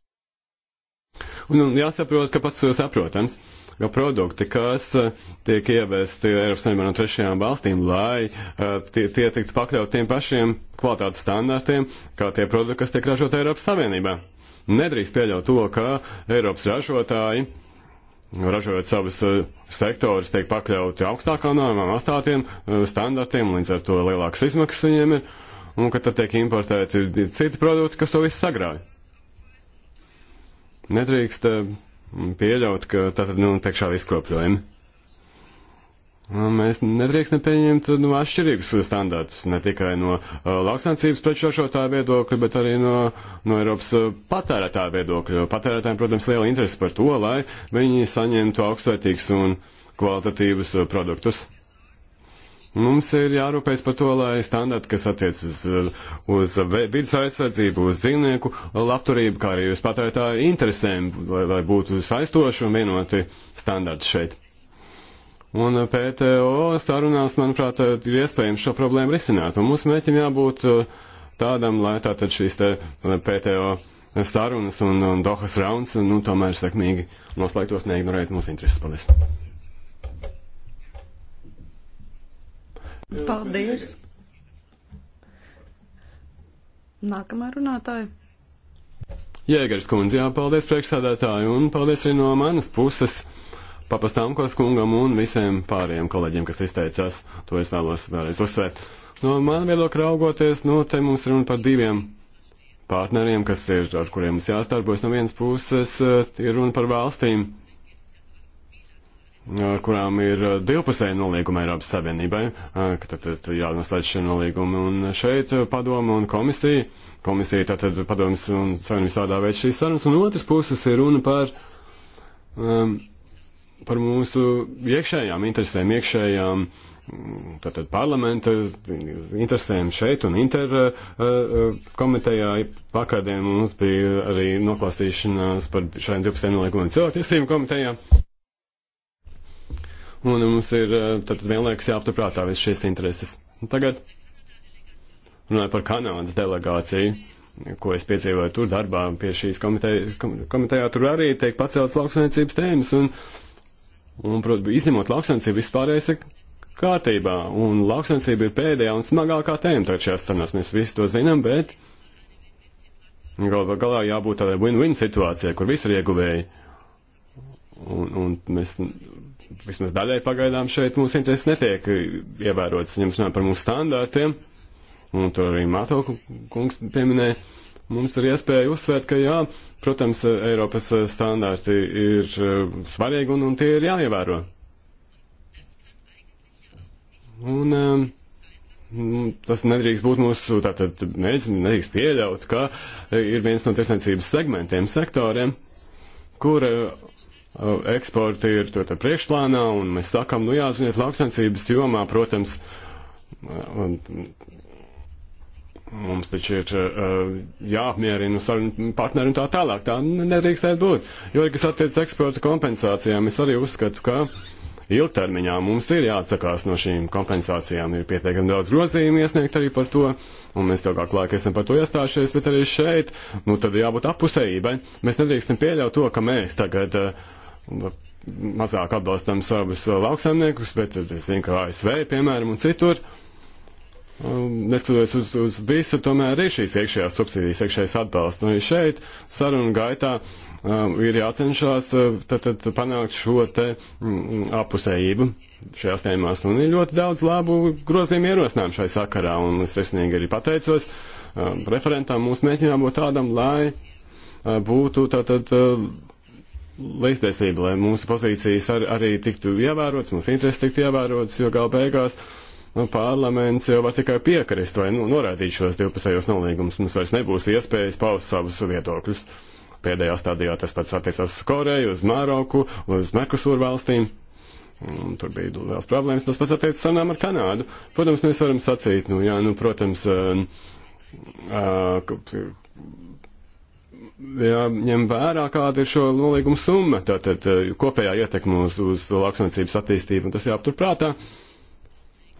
Un, un jāsaprot, ka pats to saprotams. Ja ka produkti, kas eh, tiek ievesti Eiropas Savienībā no trešajām valstīm, lai eh, tie, tie tiktu pakļaut tiem pašiem kvalitātes standartiem, kā tie produkti, kas tiek ražot Eiropas Savienībā. Nedrīkst pieļaut to, ka Eiropas ražotāji, ražojot savus eh, sektorus, tiek pakļauti augstākām normām, astātiem standartiem, līdz ar to lielākas izmaksas viņiem ir, un ka tad tiek importēti citi produkti, kas to visu sagrauj. Nedrīkst uh, pieļaut, ka tātad, nu, tiek šādi izkropļojumi. Nu, mēs nedrīkstam pieņemt nu, atšķirīgus standartus, ne tikai no uh, lauksainicības prečražotāja viedokļa, bet arī no, no Eiropas uh, patērētāja viedokļa. Patērētājiem, protams, liela interese par to, lai viņi saņemtu augstvērtīgus un kvalitatīvus uh, produktus. Mums ir jārūpējas par to, lai standarti, kas attiec uz, uz vidas aizsardzību, uz dzīvnieku labturību, kā arī uz patērētāju interesēm, lai, lai būtu saistoši un vienoti standarti šeit. Un PTO sarunās, manuprāt, ir iespējams šo problēmu risināt. Un mūsu mēķim jābūt uh, tādam, lai tātad šīs te uh, PTO sarunas un, un Dohas rauns, nu, tomēr sekmīgi noslēgtos, neignorējot mūsu intereses. Paldies! Paldies! Nākamā runātāja. Jēgars kundze, jā, paldies priekšsādātāju un paldies arī no manas puses papastāmkos kungam un visiem pārējiem kolēģiem, kas izteicās. To es vēlos vēlreiz uzsvērt. No mana viedokļa raugoties, no nu, te mums runa par diviem partneriem, kas ir, ar kuriem mums jāstarbojas. No vienas puses eh, ir runa par valstīm, kurām ir divpusēji nolīgumi Eiropas Savienībai, ka tad, tad jānoslēdz šie nolīgumi. Un šeit padoma un komisija, komisija tātad padomas un savienības vārdā veic šīs sarunas, un otras puses ir runa par, um, par mūsu iekšējām interesēm, iekšējām tātad parlamenta interesēm šeit un inter uh, komitejā pakādiem mums bija arī noklāsīšanās par šajiem divpusējiem nolīgumiem cilvēktiesību komitejā un mums ir eh, tad vienlaikus jāapturprātā viss šīs intereses. Tagad runāju par Kanādas delegāciju, ko es piedzīvoju tur darbā pie šīs komiteja, komitejā, tur arī tiek paceltas lauksaimniecības tēmas, un, un protams, izņemot lauksaimniecību, vispārējais ir kārtībā, un lauksaimniecība ir pēdējā un smagākā tēma tagad šajās sarunās, mēs visi to zinām, bet galvā galā jābūt tādai win-win situācijai, kur visi ir ieguvēji. Un, un mēs vismaz daļai pagaidām šeit mūsu intereses netiek ievērotas, viņam runā par mūsu standārtiem, un to arī Mato kungs pieminēja. Mums ir iespēja uzsvērt, ka jā, protams, Eiropas standārti ir eh, svarīgi un, un tie ir jāievēro. Un um, tas nedrīkst būt mūsu, tātad nedrīkst pieļaut, ka ir viens no tiesniecības segmentiem, sektoriem, kur eh, eksporti ir to, priekšplānā, un mēs sakam, nu jā, ziniet, lauksaimniecības jomā, protams, un, mums taču ir uh, jāapmierina sarunu partneri un tā tālāk. Tā nedrīkstētu būt. Jo, kas attiecas eksporta kompensācijām, es arī uzskatu, ka ilgtermiņā mums ir jāatsakās no šīm kompensācijām. Ir pietiekami daudz grozījumu iesniegt arī par to, un mēs jau kā klāki esam par to iestājušies, bet arī šeit, nu tad jābūt apusējībai. Mēs nedrīkstam pieļaut to, ka mēs tagad. Uh, mazāk atbalstam savus uh, lauksaimniekus, bet uh, es zinu, ka ASV, piemēram, un citur, neskatoties uz, uz visu, tomēr ir šīs iekšējās subsīdijas, iekšējais atbalsts. Un nu, arī šeit sarunu gaitā um, ir jācenšas uh, tad, tad panākt šo te mm, mm, apusējību šajās tēmās. Un ir ļoti daudz labu grozījumu ierosinājumu šai sakarā, un es sirsnīgi arī pateicos um, referentam mūsu mēģinājumam būt tādam, lai uh, būtu tātad. Uh, līdztiesība, lai mūsu pozīcijas ar, arī tiktu ievērotas, mūsu intereses tiktu ievērotas, jo gal beigās nu, parlaments jau var tikai piekrist vai nu, norādīt šos divpusējos nolīgumus. Mums vairs nebūs iespējas paust savus viedokļus. Pēdējā stadijā tas pats attiecās uz Koreju, uz Māroku, uz Merkusūru valstīm. Un tur bija liels problēmas. Tas pats attiecas sarunām ar Kanādu. Protams, mēs varam sacīt, nu jā, nu, protams, uh, uh, jāņem vērā, kāda ir šo nolīgumu summa, tātad eh, kopējā ietekme uz, uz lauksaimniecības attīstību, un tas jāaptur prātā.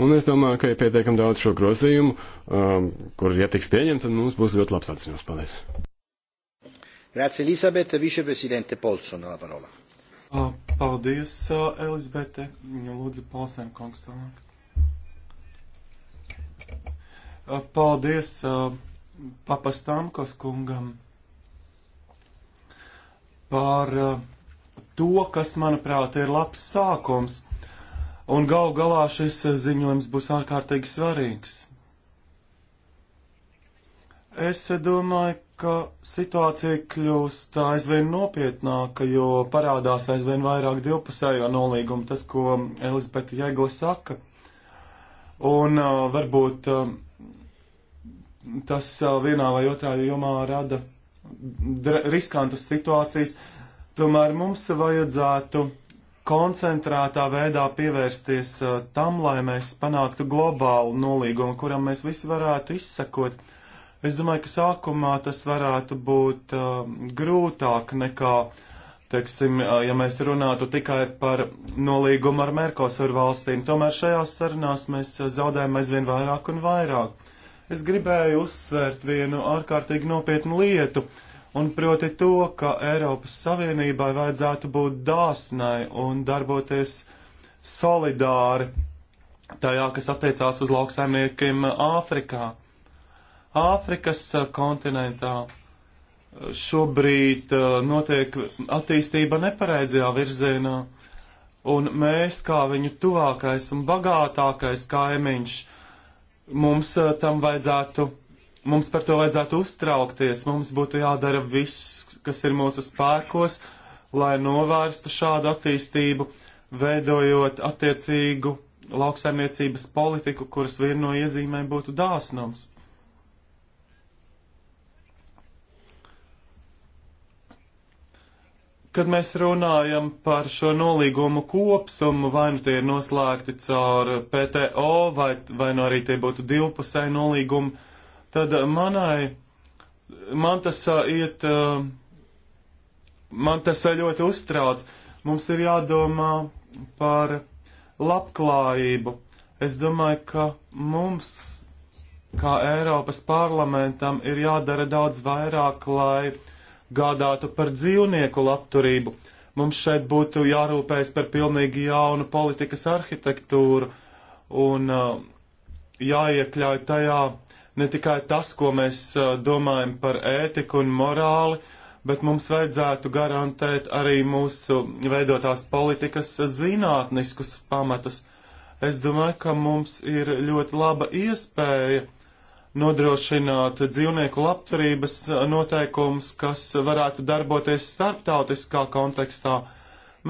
Un es domāju, ka ir pietiekami daudz šo grozījumu, um, kur, ja tiks pieņemt, tad mums būs ļoti labs atziņos. Paldies! Grazie, Elisabete, viceprezidente Polson, la parola. Ah, paldies, ah, Elizabete. Lūdzu, Polsen, kungs, tālāk. Ah, paldies, papastāmkos kungam par eh, to, kas, manuprāt, ir labs sākums. Un gal galā šis eh, ziņojums būs ārkārtīgi svarīgs. Es eh, domāju, ka situācija kļūst aizvien nopietnāka, jo parādās aizvien vairāk divpusējo nolīgumu, tas, ko Elizabete Jēgle saka. Un uh, varbūt uh, tas uh, vienā vai otrā jomā rada riskantas situācijas, tomēr mums vajadzētu koncentrētā veidā pievērsties uh, tam, lai mēs panāktu globālu nolīgumu, kuram mēs visi varētu izsekot. Es domāju, ka sākumā tas varētu būt uh, grūtāk nekā, teiksim, uh, ja mēs runātu tikai par nolīgumu ar Merkosur valstīm. Tomēr šajās sarunās mēs uh, zaudējam aizvien vairāk un vairāk. Es gribēju uzsvērt vienu ārkārtīgi nopietnu lietu, un proti to, ka Eiropas Savienībai vajadzētu būt dāsnai un darboties solidāri tajā, kas attiecās uz lauksaimniekiem Āfrikā. Āfrikas kontinentā šobrīd eh, notiek attīstība nepareizajā virzienā, un mēs, kā viņu tuvākais un bagātākais kaimiņš, ka Mums eh, tam vajadzētu, mums par to vajadzētu uztraukties. Mums būtu jādara viss, kas ir mūsu spēkos, lai novērstu šādu attīstību, veidojot attiecīgu lauksaimniecības politiku, kuras viena no iezīmēm būtu dāsnums. Kad mēs runājam par šo nolīgumu kopsumu, vai nu tie ir noslēgti caur PTO, vai, vai nu arī tie būtu divpusēji nolīgumi, tad manai, man tas uh, iet, uh, man tas uh, ļoti uztrauc. Mums ir jādomā par labklājību. Es domāju, ka mums, kā Eiropas parlamentam, ir jādara daudz vairāk, lai gādātu par dzīvnieku labturību. Mums šeit būtu jārūpējas par pilnīgi jaunu politikas arhitektūru un uh, jāiekļauj tajā ne tikai tas, ko mēs uh, domājam par ētiku un morāli, bet mums vajadzētu garantēt arī mūsu veidotās politikas zinātniskus pamatus. Es domāju, ka mums ir ļoti laba iespēja nodrošināt dzīvnieku labturības noteikumus, kas varētu darboties starptautiskā kontekstā.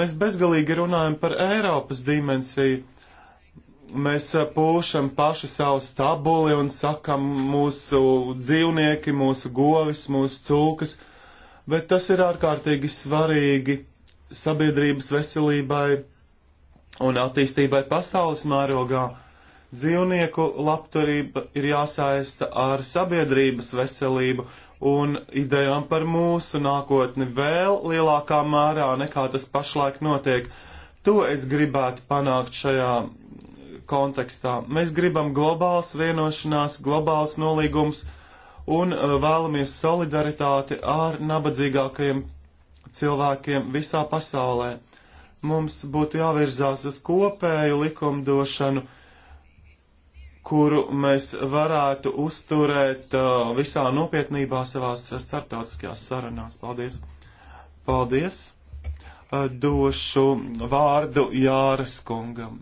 Mēs bezgalīgi runājam par Eiropas dimensiju. Mēs pūšam paši savu stabuli un sakam mūsu dzīvnieki, mūsu govis, mūsu cūkas, bet tas ir ārkārtīgi svarīgi sabiedrības veselībai un attīstībai pasaules mērogā Dzīvnieku labturība ir jāsaista ar sabiedrības veselību un idejām par mūsu nākotni vēl lielākā mērā nekā tas pašlaik notiek. To es gribētu panākt šajā kontekstā. Mēs gribam globāls vienošanās, globāls nolīgums un uh, vēlamies solidaritāti ar nabadzīgākajiem cilvēkiem visā pasaulē. Mums būtu jāvirzās uz kopēju likumdošanu kuru mēs varētu uzturēt uh, visā nopietnībā savās starptautiskajās sarunās. Paldies! Paldies! Uh, došu vārdu Jāras kungam.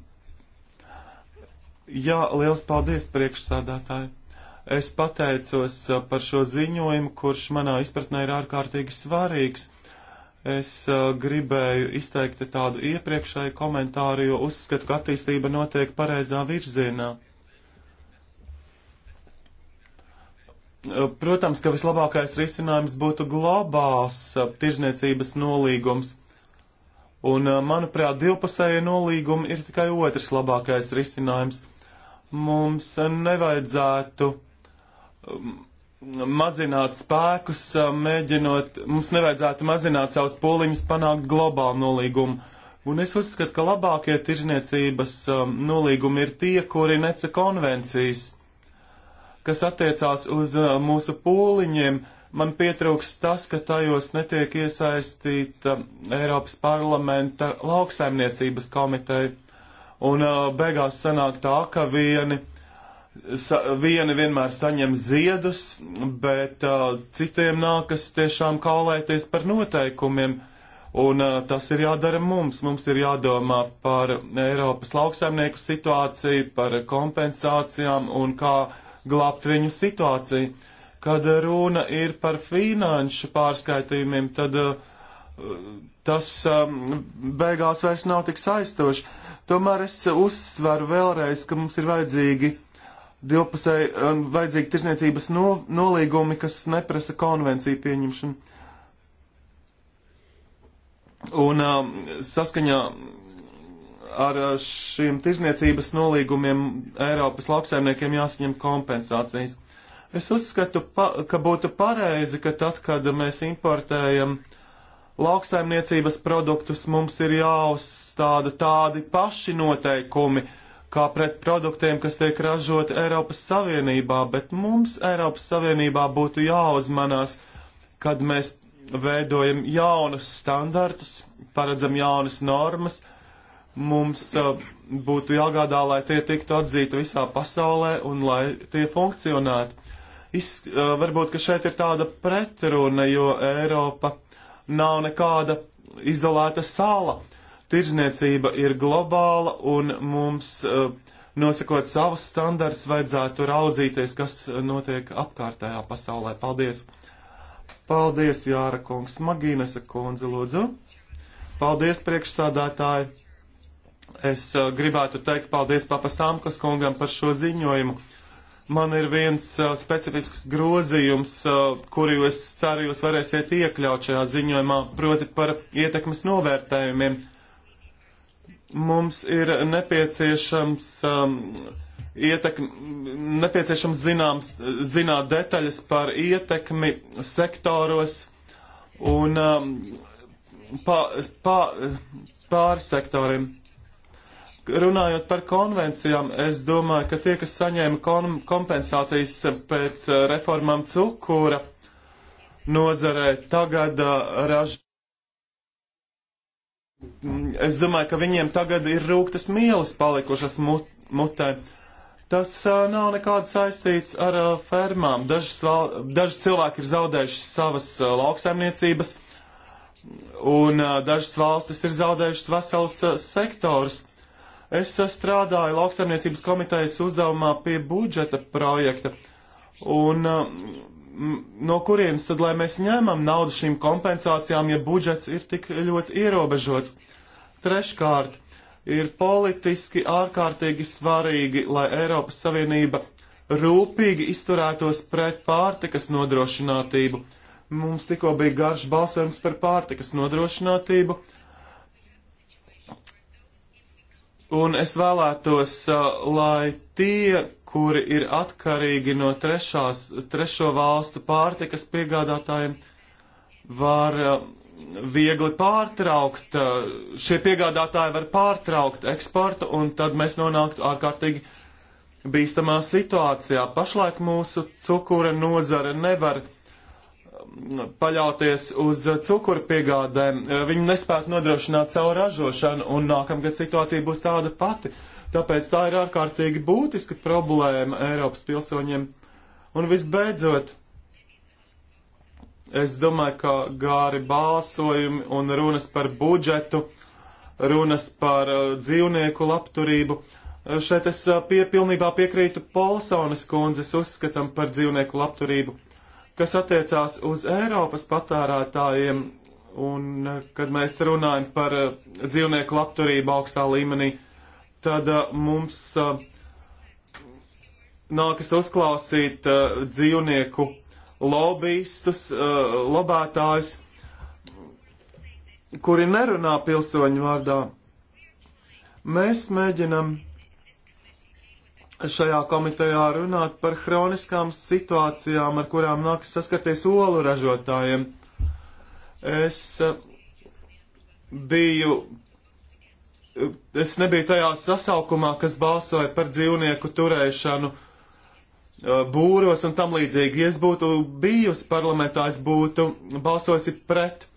Jā, liels paldies priekšsādātāji! Es pateicos uh, par šo ziņojumu, kurš manā izpratnē ir ārkārtīgi svarīgs. Es uh, gribēju izteikt tādu iepriekšēju komentāru, jo uzskatu, ka attīstība notiek pareizā virzienā Protams, ka vislabākais risinājums būtu globāls tirzniecības nolīgums. Un, manuprāt, divpusēja nolīguma ir tikai otrs labākais risinājums. Mums nevajadzētu mazināt spēkus, mēģinot, mums nevajadzētu mazināt savus pūliņus panākt globālu nolīgumu. Un es uzskatu, ka labākie tirzniecības nolīgumi ir tie, kuri neca konvencijas Kas attiecās uz uh, mūsu pūliņiem, man pietrūks tas, ka tajos netiek iesaistīta Eiropas parlamenta lauksaimniecības komiteja. Un uh, beigās sanāk tā, ka vieni, sa, vieni vienmēr saņem ziedus, bet uh, citiem nākas tiešām kaulēties par noteikumiem. Un uh, tas ir jādara mums. Mums ir jādomā par Eiropas lauksaimnieku situāciju, par kompensācijām un kā glābt viņu situāciju. Kad runa ir par finanšu pārskaitījumiem, tad eh, tas eh, beigās vairs nav tik saistoši. Tomēr es uzsveru vēlreiz, ka mums ir vajadzīgi divpusēji, eh, vajadzīgi tirsniecības no, nolīgumi, kas neprasa konvenciju pieņemšanu. Un saskaņā ar eh, šiem tirzniecības nolīgumiem Eiropas lauksaimniekiem jāsaņem kompensācijas. Es uzskatu, pa, ka būtu pareizi, ka tad, kad mēs importējam lauksaimniecības produktus, mums ir jāuzstāda tādi paši noteikumi, kā pret produktiem, kas tiek ražoti Eiropas Savienībā, bet mums Eiropas Savienībā būtu jāuzmanās, kad mēs veidojam jaunus standartus, paredzam jaunas normas, mums būtu jāgādā, lai tie tiktu atzīti visā pasaulē un lai tie funkcionētu. Iz, varbūt, ka šeit ir tāda pretruna, jo Eiropa nav nekāda izolēta sala. Tirzniecība ir globāla un mums, nosakot savus standarts, vajadzētu raudzīties, kas notiek apkārtējā pasaulē. Paldies! Paldies, Jāra kungs, Magīnesa kundze, lūdzu! Paldies, priekšsādātāji! Es uh, gribētu teikt paldies papastāmkas kungam par šo ziņojumu. Man ir viens uh, specifisks grozījums, uh, kuru es ceru jūs varēsiet iekļaut šajā ziņojumā, proti par ietekmes novērtējumiem. Mums ir nepieciešams, um, ietek, nepieciešams zināms, zināt detaļas par ietekmi sektoros un um, pā, pā, pārsektoriem. Runājot par konvencijām, es domāju, ka tie, kas saņēma kompensācijas pēc eh, reformām cukura nozarē, tagad eh, raž. Mm, es domāju, ka viņiem tagad ir rūktas mielas palikušas mut mutē. Tas uh, nav nekāds saistīts ar uh, fermām. Dažas, daži cilvēki ir zaudējuši savas uh, lauksaimniecības, un uh, dažas valstis ir zaudējušas veselas uh, sektors. Uh, Es strādāju lauksaimniecības komitejas uzdevumā pie budžeta projekta. Un no kurienes tad, lai mēs ņemam naudu šīm kompensācijām, ja budžets ir tik ļoti ierobežots? Treškārt, ir politiski ārkārtīgi svarīgi, lai Eiropas Savienība rūpīgi izturētos pret pārtikas nodrošinātību. Mums tikko bija garš balsojums par pārtikas nodrošinātību, Un es vēlētos, uh, lai tie, kuri ir atkarīgi no trešās, trešo valstu pārtikas piegādātājiem, var uh, viegli pārtraukt, uh, šie piegādātāji var pārtraukt eksportu, un tad mēs nonāktu ārkārtīgi bīstamā situācijā. Pašlaik mūsu cukura nozara nevar paļauties uz cukuru piegādēm. Eh, viņi nespētu nodrošināt savu ražošanu, un nākamgad situācija būs tāda pati. Tāpēc tā ir ārkārtīgi būtiska problēma Eiropas pilsoņiem. Un visbeidzot, es domāju, ka gāri balsojumi un runas par budžetu, runas par eh, dzīvnieku labturību. Eh, šeit es pie, pilnībā piekrītu Polsonas kundzes uzskatam par dzīvnieku labturību kas attiecās uz Eiropas patērētājiem, un eh, kad mēs runājam par eh, dzīvnieku labturību augstā līmenī, tad eh, mums nākas uzklausīt dzīvnieku lobbyistus, lobētājus, kuri nerunā pilsoņu vārdā. Mēs mēģinam šajā komitejā runāt par hroniskām situācijām, ar kurām nāks saskaties olu ražotājiem. Es eh, biju, eh, es nebiju tajā sasaukumā, kas balsoja par dzīvnieku turēšanu eh, būros un tam līdzīgi. Ja es būtu bijusi parlamentā, es būtu balsojusi pret.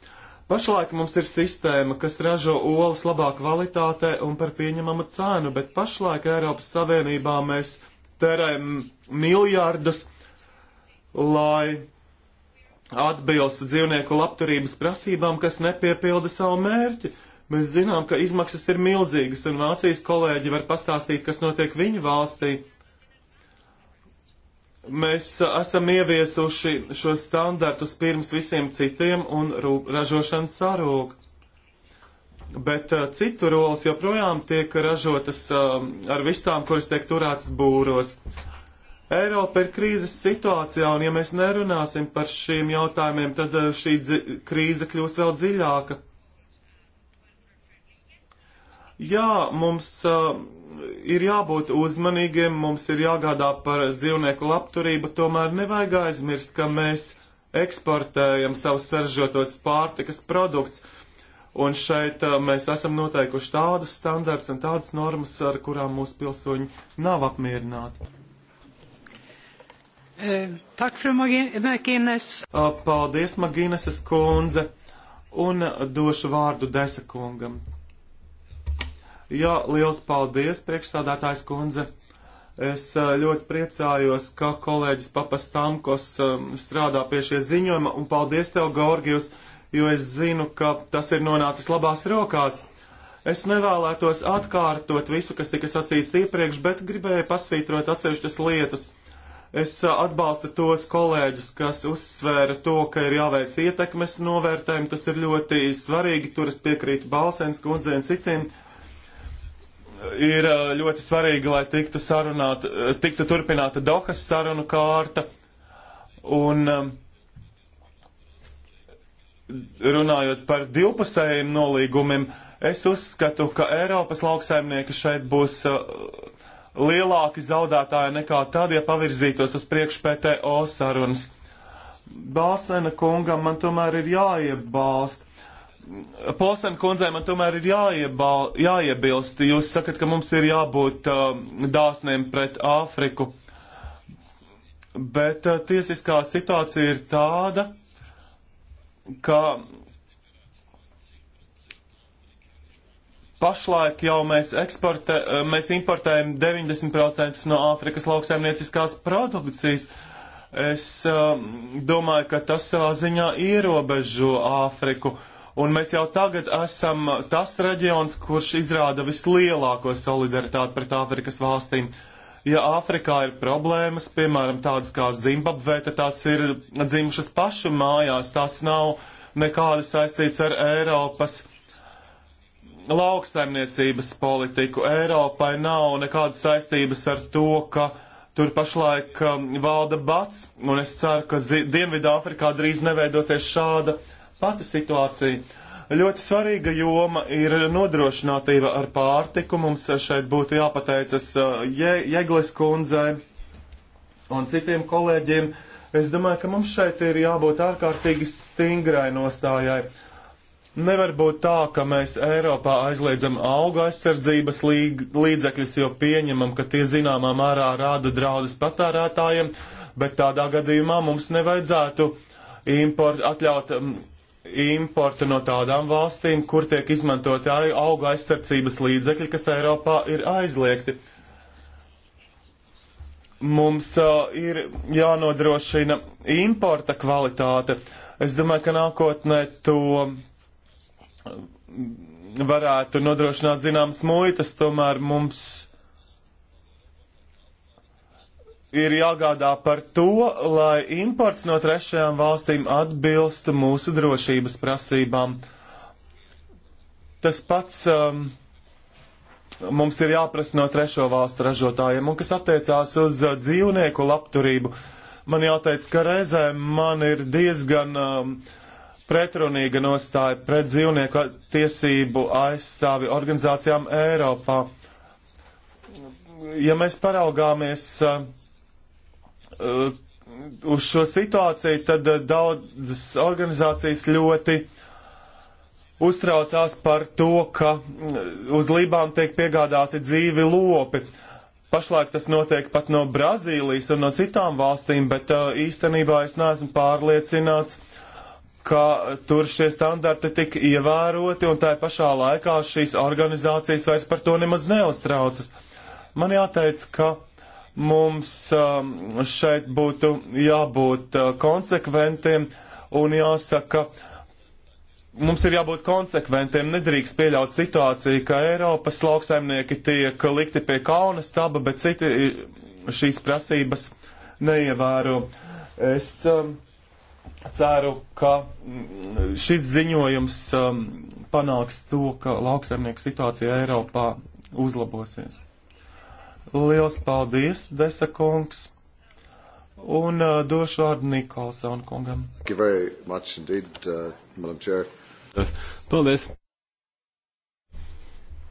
Pašlaik mums ir sistēma, kas ražo olas labā kvalitātē un par pieņemamu cēnu, bet pašlaik Eiropas Savienībā mēs tērējam miljārdus, lai atbilstu dzīvnieku labturības prasībām, kas nepiepilda savu mērķi. Mēs zinām, ka izmaksas ir milzīgas, un Vācijas kolēģi var pastāstīt, kas notiek viņu valstī mēs esam ieviesuši šos standartus pirms visiem citiem un rūp, ražošana sarūk. Bet uh, citu rolas joprojām tiek ražotas uh, ar vistām, kuras tiek turētas būros. Eiropa ir krīzes situācijā, un ja mēs nerunāsim par šiem jautājumiem, tad uh, šī krīze kļūs vēl dziļāka. Jā, mums uh, ir jābūt uzmanīgiem, mums ir jāgādā par dzīvnieku labturību, tomēr nevajag aizmirst, ka mēs eksportējam savus saržotos pārtikas produktus. Un šeit uh, mēs esam noteikuši tādas standarts un tādas normas, ar kurām mūsu pilsoņi nav apmierināti. E, tak, Magīnes. Uh, paldies, Magīneses kundze, un došu vārdu Desa kungam. Jā, liels paldies, priekšstādātājs kundze. Es ļoti priecājos, ka kolēģis Papastamkos strādā pie šie ziņojuma, un paldies tev, Gorgijus, jo es zinu, ka tas ir nonācis labās rokās. Es nevēlētos atkārtot visu, kas tika sacīts iepriekš, bet gribēju pasvītrot atsevišķas lietas. Es atbalstu tos kolēģus, kas uzsvēra to, ka ir jāveic ietekmes novērtējumi, tas ir ļoti svarīgi, tur es piekrītu Balsēns kundzei un citiem. Uh, ir uh, ļoti svarīgi, lai tiktu, sarunāt, uh, tiktu turpināta Dohas sarunu kārta. Un um, runājot par divpusējiem nolīgumiem, es uzskatu, ka Eiropas lauksaimnieki šeit būs uh, lielāki zaudētāji nekā tad, ja pavirzītos uz priekšu PTO sarunas. Bāsena kungam man tomēr ir jāiebalst, Polsen kundzei man tomēr ir jāiebal, jāiebilst. Jūs sakat, ka mums ir jābūt uh, dāsniem pret Āfriku. Bet uh, tiesiskā situācija ir tāda, ka pašlaik jau mēs, eksportē, uh, mēs importējam 90% no Āfrikas lauksaimnieciskās produkcijas. Es uh, domāju, ka tas savā ziņā ierobežo Āfriku. Uh, Un mēs jau tagad esam tas reģions, kurš izrāda vislielāko solidaritāti pret Āfrikas valstīm. Ja Āfrikā ir problēmas, piemēram, tādas kā Zimbabvē, tad tās ir dzimšas pašu mājās, tās nav nekāda saistīts ar Eiropas lauksaimniecības politiku. Eiropai nav nekādas saistības ar to, ka tur pašlaik um, valda bats, un es ceru, ka Dienvidā Afrikā drīz neveidosies šāda uh, pati situācija. Ļoti svarīga joma ir nodrošinātība ar pārtiku. Mums šeit būtu jāpateicas eh, Je Jeglis kundzei un citiem kolēģiem. Es domāju, ka mums šeit ir jābūt ārkārtīgi stingrai nostājai. Nevar būt tā, ka mēs Eiropā aizliedzam auga aizsardzības līdzekļus, jo pieņemam, ka tie zināmā mērā rāda draudus patērētājiem, bet tādā gadījumā mums nevajadzētu import, atļaut mm, importu no tādām valstīm, kur tiek izmantotāji auga aizsardzības līdzekļi, kas Eiropā ir aizliegti. Mums uh, ir jānodrošina importa kvalitāte. Es domāju, ka nākotnē to varētu nodrošināt zināmas muitas, tomēr mums ir jāgādā par to, lai imports no trešajām valstīm atbilstu mūsu drošības prasībām. Tas pats um, mums ir jāprasa no trešo valstu ražotājiem, un kas attiecās uz uh, dzīvnieku labturību. Man jāteic, ka reizēm man ir diezgan um, pretrunīga nostāja pret dzīvnieku tiesību aizstāvi organizācijām Eiropā. Ja mēs paraugāmies uh, Uh, uz šo situāciju, tad uh, daudzas organizācijas ļoti uztraucās par to, ka mm, uz Lībām tiek piegādāti dzīvi lopi. Pašlaik tas notiek pat no Brazīlijas un no citām valstīm, bet uh, īstenībā es neesmu pārliecināts, ka tur šie standarti tika ievēroti, un tā pašā laikā šīs organizācijas vairs par to nemaz neuztraucas. Man jāteic, ka Mums um, šeit būtu jābūt uh, konsekventiem un jāsaka, mums ir jābūt konsekventiem. Nedrīkst pieļaut situāciju, ka Eiropas lauksaimnieki tiek likti pie kauna staba, bet citi šīs prasības neievēro. Es um, ceru, ka mm, šis ziņojums um, panāks to, ka lauksaimnieku situācija Eiropā uzlabosies. Liels paldies, Desa kungs! Un uh, došu vārdu Nikolsonu kungam. Indeed, uh, paldies!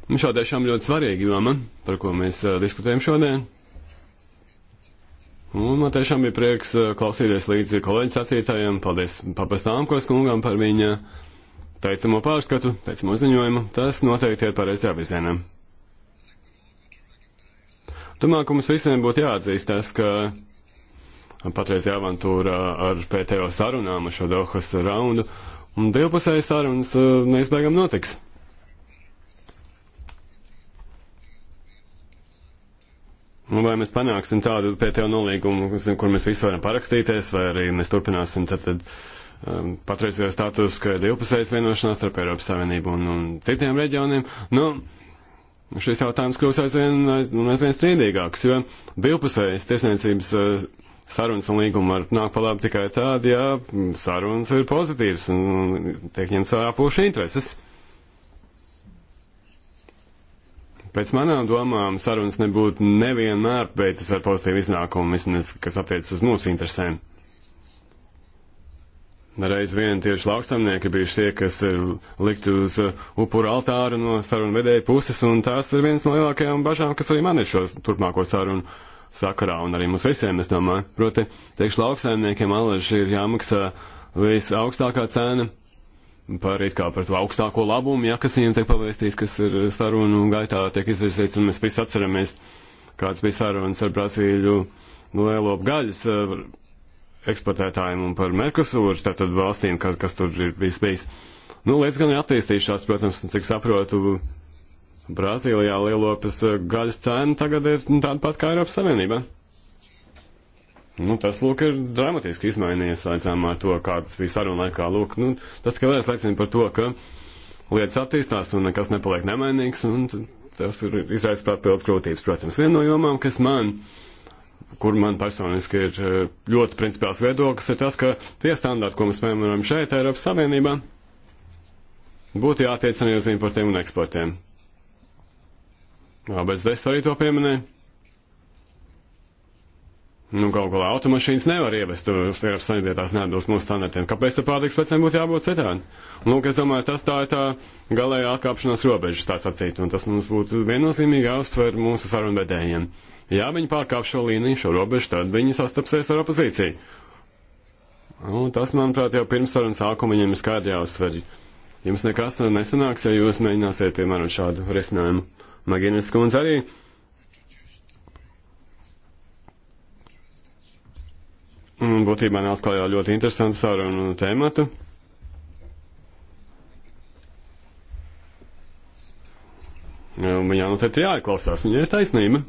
Nu, šā tiešām ļoti svarīga joma, par ko mēs uh, diskutējam šodien. Un man tiešām bija prieks uh, klausīties līdzi kolēģi sacītājiem. Paldies papastām, ko skungam par viņa teicamo pārskatu, teicamo ziņojumu. Tas noteikti ir pareizajā virzienā. Domāju, ka mums visiem būtu jāatzīstās, ka patreiz jāvantūra ar PTO sarunām, ar šo Dohas raundu, un divpusējas sarunas eh, neizbēgam notiks. Un nu, vai mēs panāksim tādu PTO nolīgumu, kur mēs visi varam parakstīties, vai arī mēs turpināsim tad, tad um, patreizējo status, ka ir divpusējas vienošanās starp Eiropas Savienību un, un citiem reģioniem. Nu, šis jautājums kļūs aizvien, aizvien, nu, aizvien strīdīgāks, jo divpusējas tiesniecības eh, sarunas un līguma var nākt pa labi tikai tādi, ja sarunas ir pozitīvas un tiek ņemts vērā pušu intereses. Pēc manām domām sarunas nebūtu nevienmēr beidzas ar pozitīvu iznākumu, vismaz, kas attiecas uz mūsu interesēm. Reiz vien tieši lauksaimnieki bijuši tie, kas ir eh, likti uz eh, upura altāra no sarunu vedēja puses, un tās ir viens no lielākajām bažām, kas arī man ir šo turpmāko sarunu sakarā, un arī mums visiem, es domāju. Proti, tieši lauksaimniekiem alaži ir jāmaksā visaugstākā cena par it kā par to augstāko labumu, ja kas viņiem tiek pavēstīts, kas ir sarunu gaitā tiek izvirzīts, un mēs visi atceramies, kāds bija sarunas ar Brazīļu lielo gaļas eh, eksportētājiem un par Merkusūru, tātad valstīm, kas tur ir viss bijis. Nu, lietas gan ir attīstījušās, protams, un cik saprotu, Brazīlijā lielopas eh, gaļas cena tagad ir nu, tāda pat kā Eiropas Savienībā. Nu, tas, lūk, ir dramatiski izmainījies, aicām ar to, kādas bija saruna laikā. Lūk, nu, tas, ka vēlreiz liecina par to, ka lietas attīstās un nekas nepaliek nemainīgs, un tas ir izraisa papildus grūtības, protams. Viena no jomām, kas man. Uh, kur man personiski ir eh, ļoti principiāls viedoklis, ir tas, ka tie standarti, ko mēs piemēram šeit, Eiropas Savienībā, būtu jātiec arī uz importiem un eksportiem. Abas daļas arī to pieminēja. Nu, kaut galā automašīnas nevar ievest uz Eiropas Savienībā, tās neatbilst mūsu standartiem. Kāpēc tad pārtiks precēm būtu jābūt citādi? Lūk, es domāju, tas tā ir tā galējā atkāpšanās robeža, tā sacīt, un tas mums būtu viennozīmīgi jāuztver mūsu sarunvedējiem. Ja viņi pārkāp šo līniju, šo robežu, tad viņi sastapsies ar opozīciju. Un nu, tas, manuprāt, jau pirms sarunas sākuma viņiem ir skaidri jāuzsver. Jums nekas nesanāks, ja jūs mēģināsiet piemērot šādu risinājumu. Magīnes kundze arī. Un būtībā nāc klajā ļoti interesantu sarunu tēmatu. Viņā nu te ir jāklausās, viņai ir taisnība.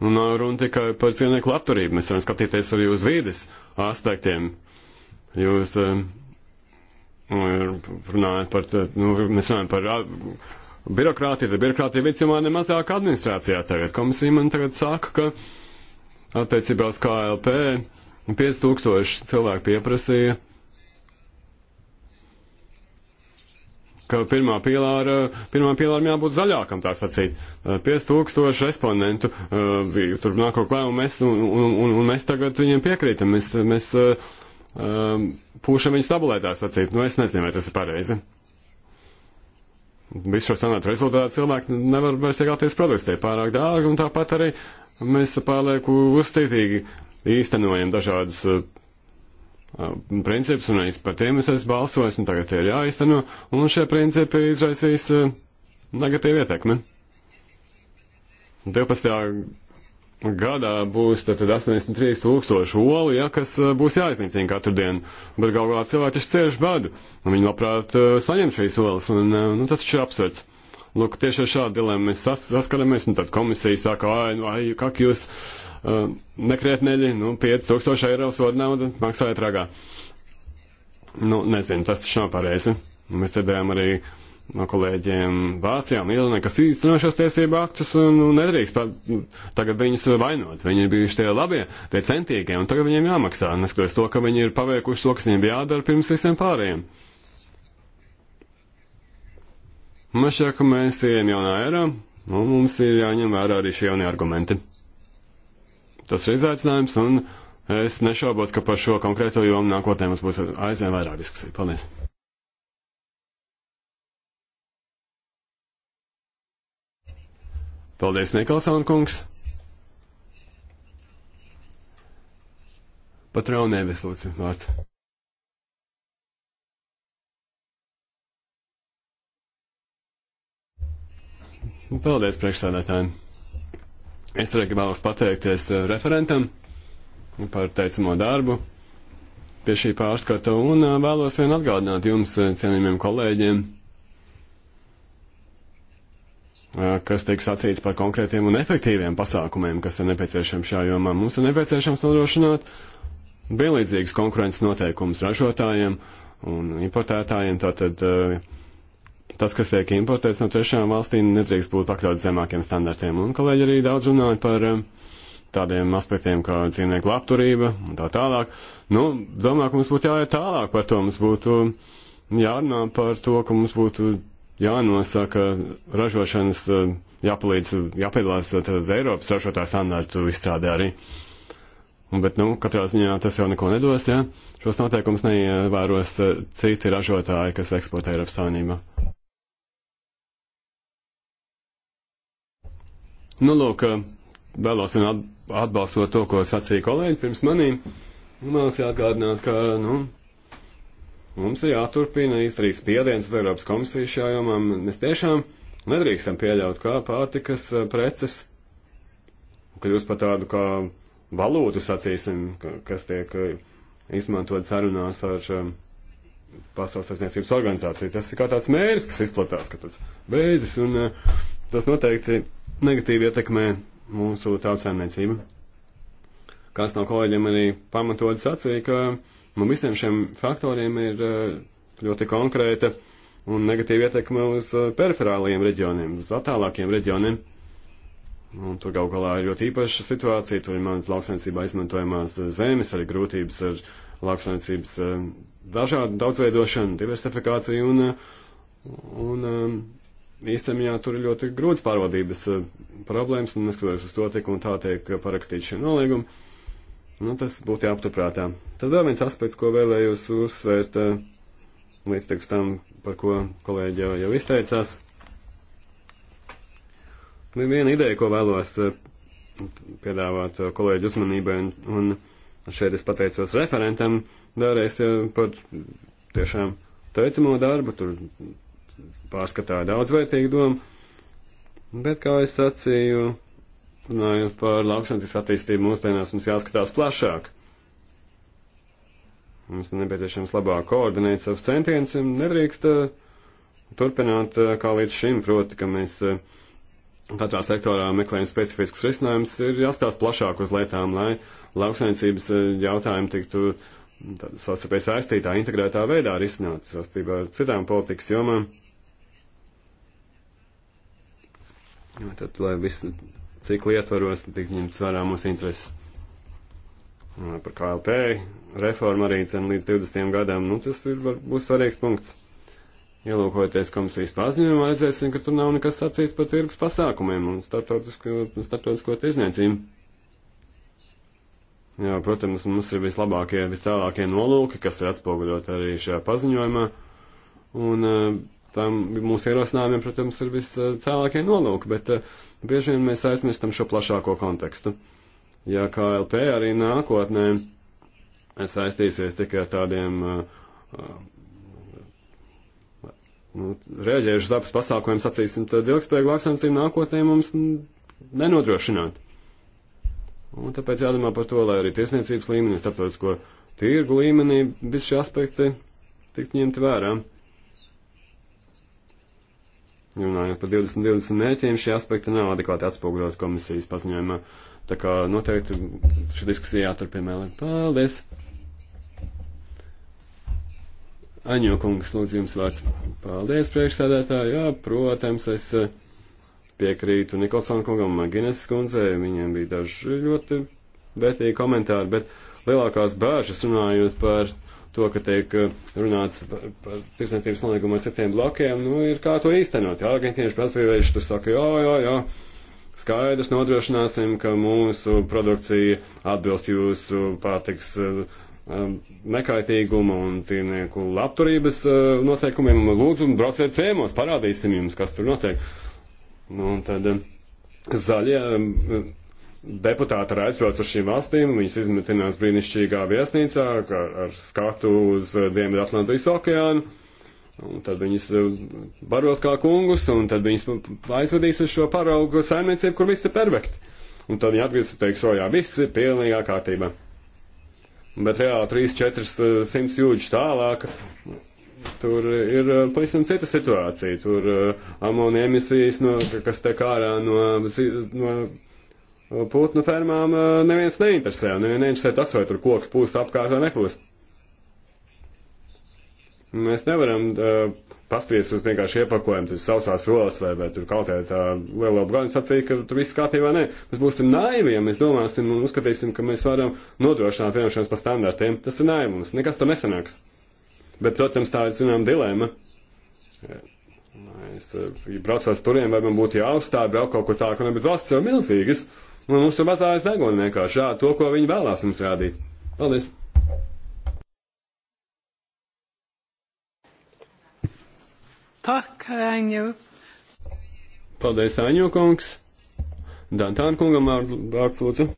Un nu, nav runa tikai par dzīvnieku labturību, mēs varam skatīties arī uz vīdes aspektiem. Jūs eh, nu, runājat par, nu, mēs runājam par birokrātiju, tad birokrātija vicumā nemazāk administrācijā tagad. Komisija man tagad saka, ka attiecībā uz KLP 5000 cilvēku pieprasīja ka pirmā pilāra, pirmā pilāra jābūt zaļākam, tā sacīt. 5000 respondentu bija tur nāko klāju, un mēs, un, un, un mēs tagad viņiem piekrītam. Mēs, mēs pūšam viņus tabulē, tā sacīt. Nu, es nezinu, vai tas ir pareizi. Visu šo sanātu rezultātu cilvēki nevar vairs iegāties protestē pārāk dārgi, un tāpat arī mēs pārlieku uzcītīgi īstenojam dažādas Uh, princips, un es par tiem es esmu balsojis, un tagad tie ir jāizteno, un šie principi izraisīs uh, negatīvu ietekmi. 12. gadā būs tad 83 tūkstoši olu, ja, kas uh, būs jāiznīcina katru dienu, bet galu galā cilvēki taču cieš badu, un viņi labprāt saņem šīs olas, un nu, tas taču ir apsvērts. Lūk, tieši ar šādu dilemmu mēs sas saskaramies, un tad komisija saka, ai, nu, ai, kā jūs Uh, nekrietneļi, nu, 5000 eiro soda nauda maksāja tragā. Nu, nezinu, tas taču nav pareizi. Mēs dzirdējām arī no kolēģiem Vācijā un Lielonē, kas īsteno šos tiesību aktus un nu, nedrīkst pat nu, tagad viņus vainot. Viņi ir bijuši tie labie, tie centīgie, un tagad viņiem jāmaksā, neskatoties to, ka viņi ir paveikuši to, kas viņiem bija jādara pirms visiem pārējiem. Man šķiet, ka mēs ejam jaunā erā, un mums ir jāņem vērā arī šie jaunie argumenti. Tas ir izaicinājums, un es nešaubos, ka par šo konkrēto jomu nākotnē mums būs aizvien vairāk diskusiju. Paldies! Paldies, Nikolson kungs! Patraunēvis, lūdzu, vārds. Paldies priekšsēdētājiem! Es arī vēlos pateikties eh, referentam par teicamo darbu pie šī pārskata un eh, vēlos vien atgādināt jums, eh, cienījumiem kolēģiem, kas tiek sacīts par konkrētiem un efektīviem pasākumiem, kas ir nepieciešams šajā jomā. Mums ir nepieciešams nodrošināt vienlīdzīgas konkurences noteikumus ražotājiem un importētājiem, tātad uh, tas, kas tiek importēts no trešām valstīm, nedrīkst būt pakļauts zemākiem standartiem. Un kolēģi arī daudz runāja par eh, tādiem aspektiem kā dzīvnieku labturība un tā tālāk. Nu, domāju, ka mums būtu jāiet tālāk par to. Mums būtu jārunā par to, ka mums būtu jānosaka ražošanas, eh, jāpalīdz, jāpiedalās eh, tad Eiropas ražotā standārtu izstrādē arī. Un, bet, nu, katrā ziņā tas jau neko nedos, ja šos noteikumus neievēros citi ražotāji, kas eksportē Eiropas Savienībā. Nu, lūk, vēlos atbalstot to, ko sacīja kolēģi pirms manīm. Nu, vēlos jāatgādināt, ka, nu, mums ir jāturpina izdarīt spiediens uz Eiropas komisiju šajā jomā. Mēs tiešām nedrīkstam pieļaut, kā pārtikas eh, preces kļūst par tādu kā valūtu, sacīsim, kas tiek eh, izmantot sarunās ar um, Pasaules tirsniecības organizāciju. Tas ir kā tāds mērs, kas izplatās, ka tas beidzas, un uh, tas noteikti negatīvi ietekmē mūsu tautsēmniecību. Kāds no kolēģiem arī pamatot sacīja, ka nu, visiem šiem faktoriem ir eh, ļoti konkrēta un negatīva ietekme uz eh, periferālajiem reģioniem, uz attālākiem reģioniem. Un tur gal galā ir ļoti īpaša situācija, tur ir mans lauksainicībā izmantojamās zemes, arī grūtības ar lauksainicības eh, dažādu daudzveidošanu, diversifikāciju un, un īstenībā tur ir ļoti grūts pārvaldības eh, problēmas, un neskatoties uz to, tik un tā tiek parakstīts šie nolīgumi. Nu, tas būtu jāapturprātā. Tad vēl viens aspekts, ko vēlējos uzsvērt eh, līdz tekst tam, par ko kolēģi jau, jau izteicās. Nu, viena ideja, ko vēlos eh, piedāvāt kolēģi uzmanībai, un, un šeit es pateicos referentam, vēlreiz par tiešām teicamo darbu, tur pārskatā daudzvērtīga doma, bet, kā es sacīju, runājot par lauksaimniecības attīstību mūsdienās, mums jāskatās plašāk. Mums ir nepieciešams labāk koordinēt savus centienus un nedrīkst uh, turpināt uh, kā līdz šim, proti, ka mēs uh, katrā sektorā meklējam specifiskus risinājumus, ir jāskatās plašāk uz lietām, lai lauksaimniecības uh, jautājumi tiktu mm, sastarpēji saistītā, integrētā veidā risināti sastībā ar citām politikas jomām. Jo Jā, tad, lai viss cikli ietvaros, tik ņemts vērā mūsu intereses. Par KLP reformu arī cen līdz 20 gadām, nu tas ir, var, būs svarīgs punkts. Ielūkojoties komisijas paziņojumā, redzēsim, ka tur nav nekas sacīts par tirgus pasākumiem un starptautisko, starptautisko tirzniecību. Jā, protams, mums ir vislabākie, viscēlākie nolūki, kas ir atspoguļot arī šajā paziņojumā. Un uh, tam mūsu ierosinājumiem, protams, ir viscēlākie nolūki, bet eh, bieži vien mēs aizmirstam šo plašāko kontekstu. Ja KLP arī nākotnē saistīsies tikai ar tādiem eh, eh, nu, rēģējušas dabas pasākumiem, sacīsim, tad ilgspējīgu lauksaimniecību nākotnē mums nenodrošināt. Un tāpēc jādomā par to, lai arī tiesniecības līmenī, starptautisko tīrgu līmenī, visi šie aspekti tiktu ņemti vērā. Runājot par 2020 mērķiem, šie aspekti nav adekvāti atspoguļot komisijas paziņojumā. Tā kā noteikti šī diskusija jāturpina vēl. Paldies! Aņo kungs, lūdzu jums vārds. Paldies, priekšsēdētāji. Jā, protams, es eh, piekrītu Nikolsona kungam un Gineses kundzei. Viņiem bija daži ļoti vērtīgi komentāri, bet lielākās bāžas runājot par to, ka tiek eh, runāts par, par tirsniecības nolīgumu ar citiem blokiem, nu, ir kā to īstenot. Jā, argentīnieši, brazīlieši, tu saka, jā, jā, jā, skaidrs nodrošināsim, ka mūsu produkcija atbilst jūsu pārtiks eh, eh, nekaitīguma un dzīvnieku labturības noteikumiem. Lūdzu, brauciet ciemos, parādīsim jums, kas tur notiek. Nu, un tad zaļie deputāti ir aizbrauc uz šīm valstīm, viņas izmetinās brīnišķīgā viesnīcā ar, ar skatu uz Dienvidu Atlantijas okeānu. Un tad viņas eh, baros kā kungus, un tad viņas aizvadīs uz šo paraugu saimniecību, kur viss ir perfekti. Un tad viņi atgriezīs un teiks, o jā, viss ir pilnīgā kārtībā. Bet reāli 3-400 eh, jūdzes tālāk, tur ir eh, pavisam cita situācija. Tur amonija emisijas, no, kas te kārā no, no putnu fermām eh, neviens neinteresē. Nevienu neinteresē tas, vai tur koks pūst apkārt vai nepūst. Mēs nevaram uh, eh, paskatīties uz vienkārši iepakojumu, tas saucās vielas vai, vai tur kaut kādā lielā apgabalā sacīja, ka tur viss kārtībā nē. Mēs būsim naivi, ja mēs domāsim un uzskatīsim, ka mēs varam nodrošināt vienošanos pa standartiem. Tas ir naivums, nekas tur nesanāks. Bet, protams, tā ir, zinām, dilēma. Es eh, ja braucu uz turiem, vai man būtu jāuzstāj, braukt kaut kur tā, ka nebūtu valsts jau milzīgas. Uh, Nu, mums tur mazājas deguna vienkārši rāda to, ko viņi vēlās mums rādīt. Paldies! Tak, Aņu! Paldies, Aņu kungs! Dantāna kungam vārds lūdzu.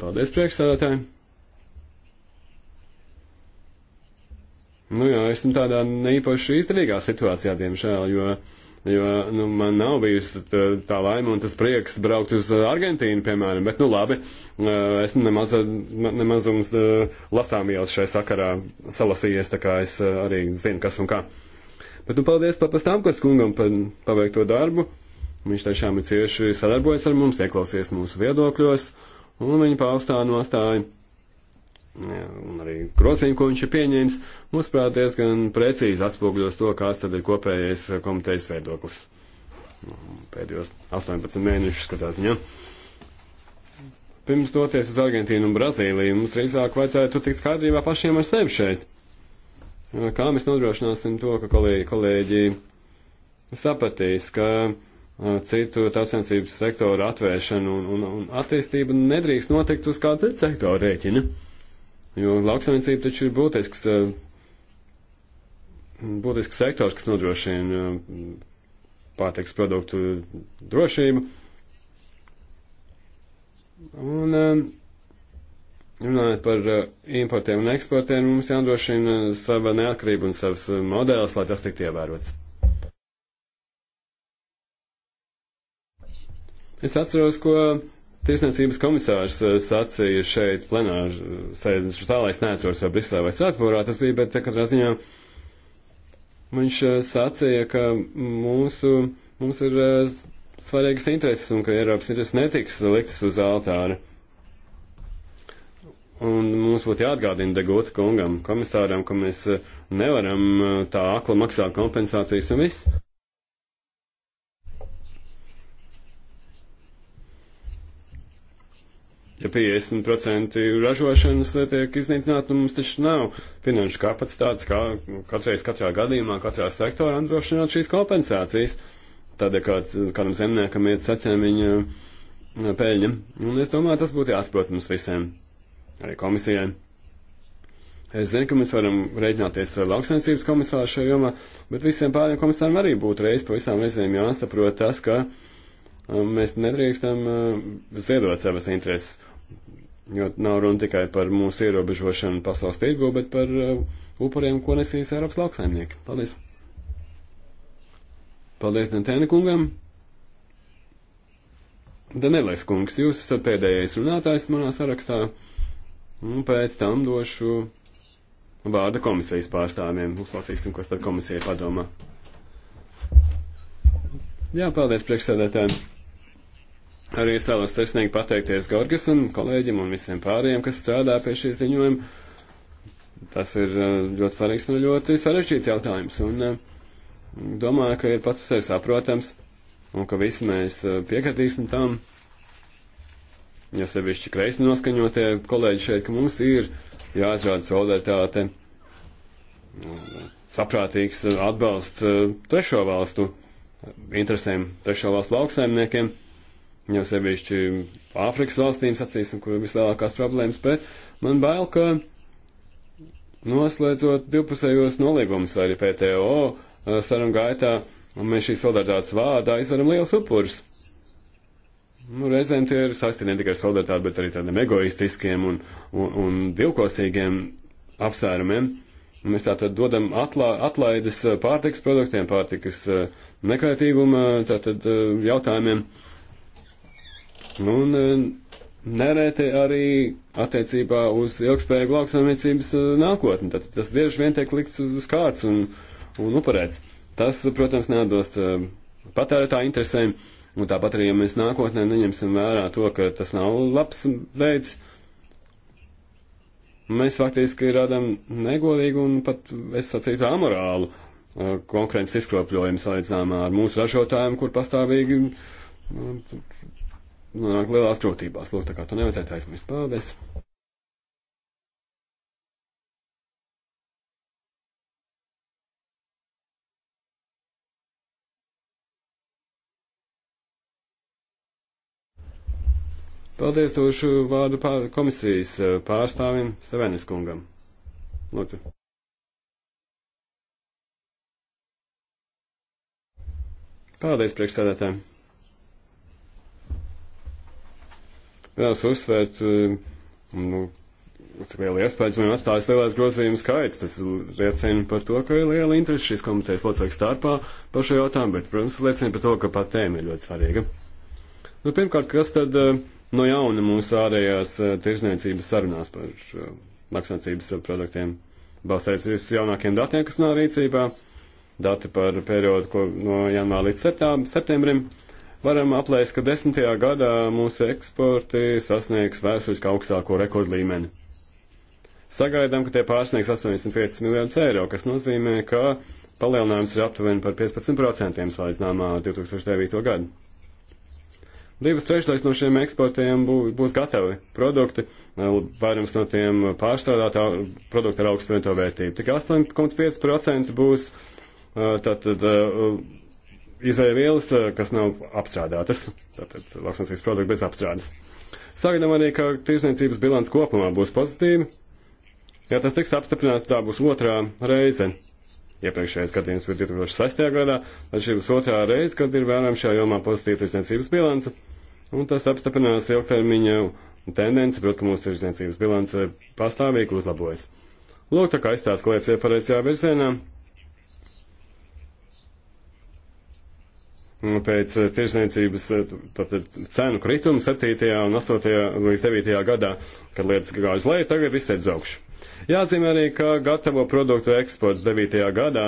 Paldies, priekšsādātāji! Nu jā, esmu tādā neīpaši izdarīgā situācijā, diemžēl, jo Jo nu, man nav bijusi tā, tā laime un tas prieks braukt uz Argentīnu, piemēram. Bet, nu labi, esmu nemaz, nemaz mums lasām jau šai sakarā salasījies, tā kā es arī zinu, kas un kā. Bet, nu, paldies papastāmkas kungam par paveikto darbu. Viņš tiešām ir cieši sadarbojas ar mums, ieklausies mūsu viedokļos, un viņa paustā nostāja un arī grozījumi, ko viņš ir pieņēmis, mūsuprāt, diezgan precīzi atspoguļos to, kāds tad ir kopējais komitejas viedoklis. Nu, pēdējos 18 mēnešus katrā ziņā. Pirms doties uz Argentīnu un Brazīliju, mums drīzāk vajadzētu tikt skaidrībā pašiem ar sevi šeit. Kā mēs nodrošināsim to, ka kolēģi, kolēģi sapratīs, ka citu tautsensības sektoru atvēršanu un, un, un attīstību nedrīkst notikt uz kāda cita sektora rēķina. Ja jo lauksaimniecība taču ir būtisks, eh, būtisks sektors, kas nodrošina eh, pārtiks produktu drošību. Un eh, runājot par importiem un eksportiem, mums jānodrošina sava neatkarība un savs modelis, lai tas tiktu ievērots. Es atceros, ko Tiesniecības komisārs eh, sacīja šeit plenāru eh, sēdes tālāk, es neatceros vai Briselē vai Strasbūrā tas bija, bet katrā ziņā viņš eh, sacīja, ka mūsu, mums ir svarīgas intereses un ka Eiropas intereses netiks liktas uz altāra. Un mums būtu jāatgādina degūta kungam, komisāram, ka mēs nevaram tā akla maksāt kompensācijas un viss. Ja 50% ražošanas tiek iznīcināta, nu mums taču nav finanšu kapacitātes, kā katreiz katrā gadījumā, katrā sektorā nodrošināt šīs kompensācijas. Tad, ja kāds, kādam zemniekam iet sacēm viņa pēļņa, un es domāju, tas būtu jāsaprot mums visiem, arī komisijai. Es zinu, ka mēs varam rēķināties ar lauksaimniecības komisāru šajā jomā, bet visiem pārējiem komisāriem arī būtu reiz pa visām reizēm jāsaprot tas, ka Mēs nedrīkstam ziedot savas intereses, jo nav runa tikai par mūsu ierobežošanu pasaules tirgo, bet par upuriem, ko nesīs Eiropas lauksaimnieki. Paldies! Paldies Dantēna kungam! Danelais kungs, jūs esat pēdējais runātājs manā sarakstā, un pēc tam došu vārda komisijas pārstāvjiem. Uzklausīsim, ko tad komisija padomā. Jā, paldies priekšsēdētājiem. Arī es vēlos sirsnīgi pateikties Gorgasam, kolēģim un visiem pārējiem, kas strādā pie šī ziņojuma. Tas ir eh, ļoti svarīgs un ļoti sarežģīts jautājums. Un eh, domāju, ka ir pats par sevi saprotams un ka visi mēs eh, piekritīsim tam, ja sevišķi kreisi noskaņotie kolēģi šeit, ka mums ir jāizrāda solidaritāte, saprātīgs atbalsts trešo valstu interesēm, trešo valstu lauksaimniekiem jau sevišķi Āfrikas valstīm, sacīsim, kur ir vislielākās problēmas, bet man bail, ka noslēdzot divpusējos noliegumus vai arī PTO eh, sarunu gaitā, mēs šīs solidaritātes vārdā izdarām liels upurus. Nu, reizēm tie ir saistīti ne tikai ar solidaritāti, bet arī tādiem egoistiskiem un, un, un divkosīgiem apsvērumiem. Mēs tātad dodam atla, atlaides pārtikas produktiem, pārtikas eh, nekaitīguma eh, tātad, jautājumiem. Uh, Nu, un e, nereti arī attiecībā uz ilgspējīgu lauksaimniecības e, nākotni. Tad tas bieži vien tiek likts uz kārts un, un upurēts. Tas, protams, neatbilst e, patērētāju interesēm. Un tāpat arī, ja mēs nākotnē neņemsim vērā to, ka tas nav labs veids, mēs faktiski radām negodīgu un pat, es sacītu, amorālu konkurences izkropļojumu salīdzinājumā ar mūsu ražotājiem, kur pastāvīgi nonāk lielās grūtībās. Lūk, tā kā to nevajadzētu aizmirst. Paldies! Paldies došu vārdu pār, komisijas eh, pārstāvim Stevenis kungam. Lūdzu. Paldies priekšstādātājiem. vēlas uzsvērt, eh, nu, cik liela iespējas man atstājas lielais grozījums skaits. Tas liecina par to, ka ir liela interese šīs komitejas locekļu starpā par šo jautājumu, bet, protams, liecina par to, ka pat tēma ir ļoti svarīga. Nu, pirmkārt, kas tad eh, no jauna mūsu ārējās eh, tirzniecības sarunās par lauksaimniecības produktiem balstīts uz jaunākiem datiem, kas nav rīcībā, dati par periodu ko, no janvāra līdz septām, septembrim. septembrim varam aplēst, ka desmitajā gadā mūsu eksporti sasniegs vēsturiski augstāko rekordu līmeni. Sagaidām, ka tie pārsniegs 85 miljonus eiro, kas nozīmē, ka palielinājums ir aptuveni par 15% salīdzināmā 2009. gadu. Divas trešdaļas no šiem eksportiem būs gatavi produkti, vairums no tiem pārstrādātā produkta ar augstu vienoto vērtību. Tikai 8,5% būs uh, tātad uh, izēvielas, eh, kas nav apstrādātas, tātad lauksnesīgs produkts bez apstrādes. Sagaidām arī, ka tirsniecības bilants kopumā būs pozitīvi, ja tas tiks apstiprināts, tā būs otrā reize. Iepriekšējais gadījums bija 2006. gadā, tad šī būs otrā reize, kad ir vērojama šajā jomā pozitīva tirsniecības bilance, un tas apstiprinās ilgtermiņa tendenci, protams, ka mūsu tirsniecības bilance pastāvīgi uzlabojas. Lūk, tā kā izstāsts, ka lietas ir pareizajā virzienā pēc eh, tirsniecības eh, tātad, cenu krituma 7. un 8. līdz 9. gadā, kad lietas gāja uz leju, tagad viss ir uz augšu. Jāatzīmē arī, ka gatavo produktu eksports 9. gadā,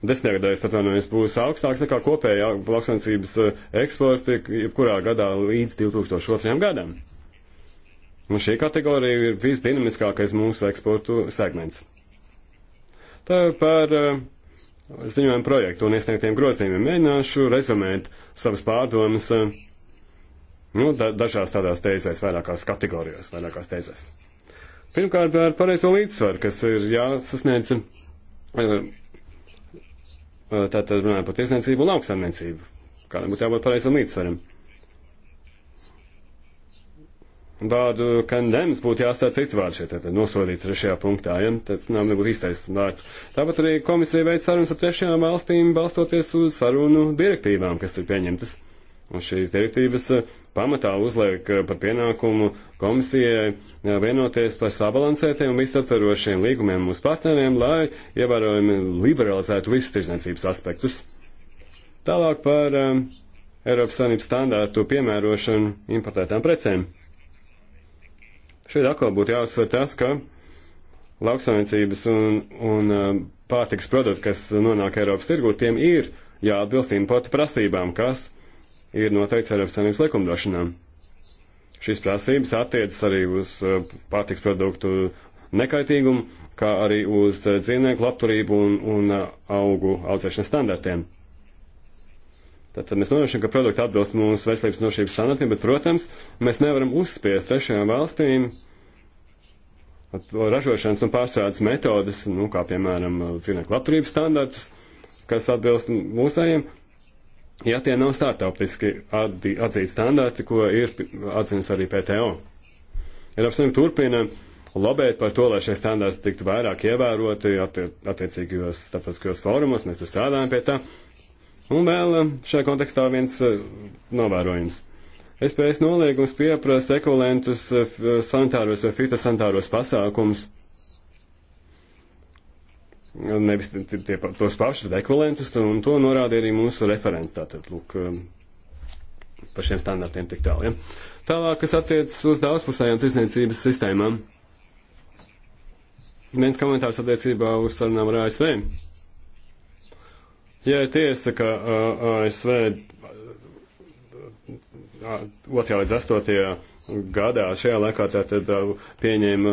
10. gadā, es atvainojos, būs augstāks nekā kopējā lauksaimniecības eh, eksporti, jebkurā gadā līdz 2002. gadam. Un šī kategorija ir visdinamiskākais mūsu eksportu segments. Tā par uh, ziņojumu projektu un iesniegtiem grozījumiem. Mēģināšu rezumēt savas pārdomas eh, nu, da dažās tādās teizēs, vairākās kategorijās, vairākās teizēs. Pirmkārt, ar pareizo līdzsvaru, kas ir jāsasniedz, eh, eh, tātad runājot par tiesniecību un lauksaimniecību. Kādam būtu jābūt pareizam līdzsvaram vārdu kandems būtu jāstāda citu vārdu šeit, tad nosodīts trešajā punktā, ja? Tas nav nebūtu īstais vārds. Tāpat arī komisija veic sarunas ar trešajām valstīm, balstoties uz sarunu direktīvām, kas ir pieņemtas. Un šīs direktīvas eh, pamatā uzliek eh, par pienākumu komisijai eh, vienoties par sabalansētiem un visaptverošiem līgumiem mūsu partneriem, lai ievērojami liberalizētu visus tirdzniecības aspektus. Tālāk par um, Eiropas Savienības standārtu piemērošanu importētām precēm. Šeit atkal būtu jāuzsver tas, ka lauksaimniecības un, un um, pārtiks produkti, kas nonāk Eiropas tirgū, tiem ir jāatbilst importa prasībām, kas ir noteikts Eiropas Savienības likumdošanām. Šīs prasības attiecas arī uz uh, pārtiks produktu nekaitīgumu, kā arī uz uh, dzīvnieku labturību un, un uh, augu audzēšanas standartiem. Tātad mēs nodrošinām, ka produkti atbilst mūsu veselības nošības standartiem, bet, protams, mēs nevaram uzspiest trešajām valstīm ražošanas un pārstrādes metodas, nu, kā piemēram dzīvnieku labturības standartus, kas atbilst mūsējiem, ja tie nav startautiski atzīti standarti, ko ir atzinis arī PTO. Eiropas Savienība turpina lobēt par to, lai šie standarti tiktu vairāk ievēroti attiecīgajos starptautiskajos fórumos, mēs tur strādājam pie tā, Un vēl eh, šajā kontekstā viens eh, novērojums. SPS noliegums pieprasa ekvivalentus eh, sanitāros vai fitosanitāros pasākums. Nevis tie, tie, tos pašus, bet ekvivalentus, un to norādīja arī mūsu referents. Tātad, lūk, par šiem standartiem tik tālu. Ja? Tālāk, kas attiecas uz daudzpusējām tirsniecības sistēmām. Viens komentārs attiecībā uz sarunām ar ASV. Ja ir tiesa, ka uh, ASV uh, otrā līdz astotajā gadā šajā laikā tātad uh, pieņēma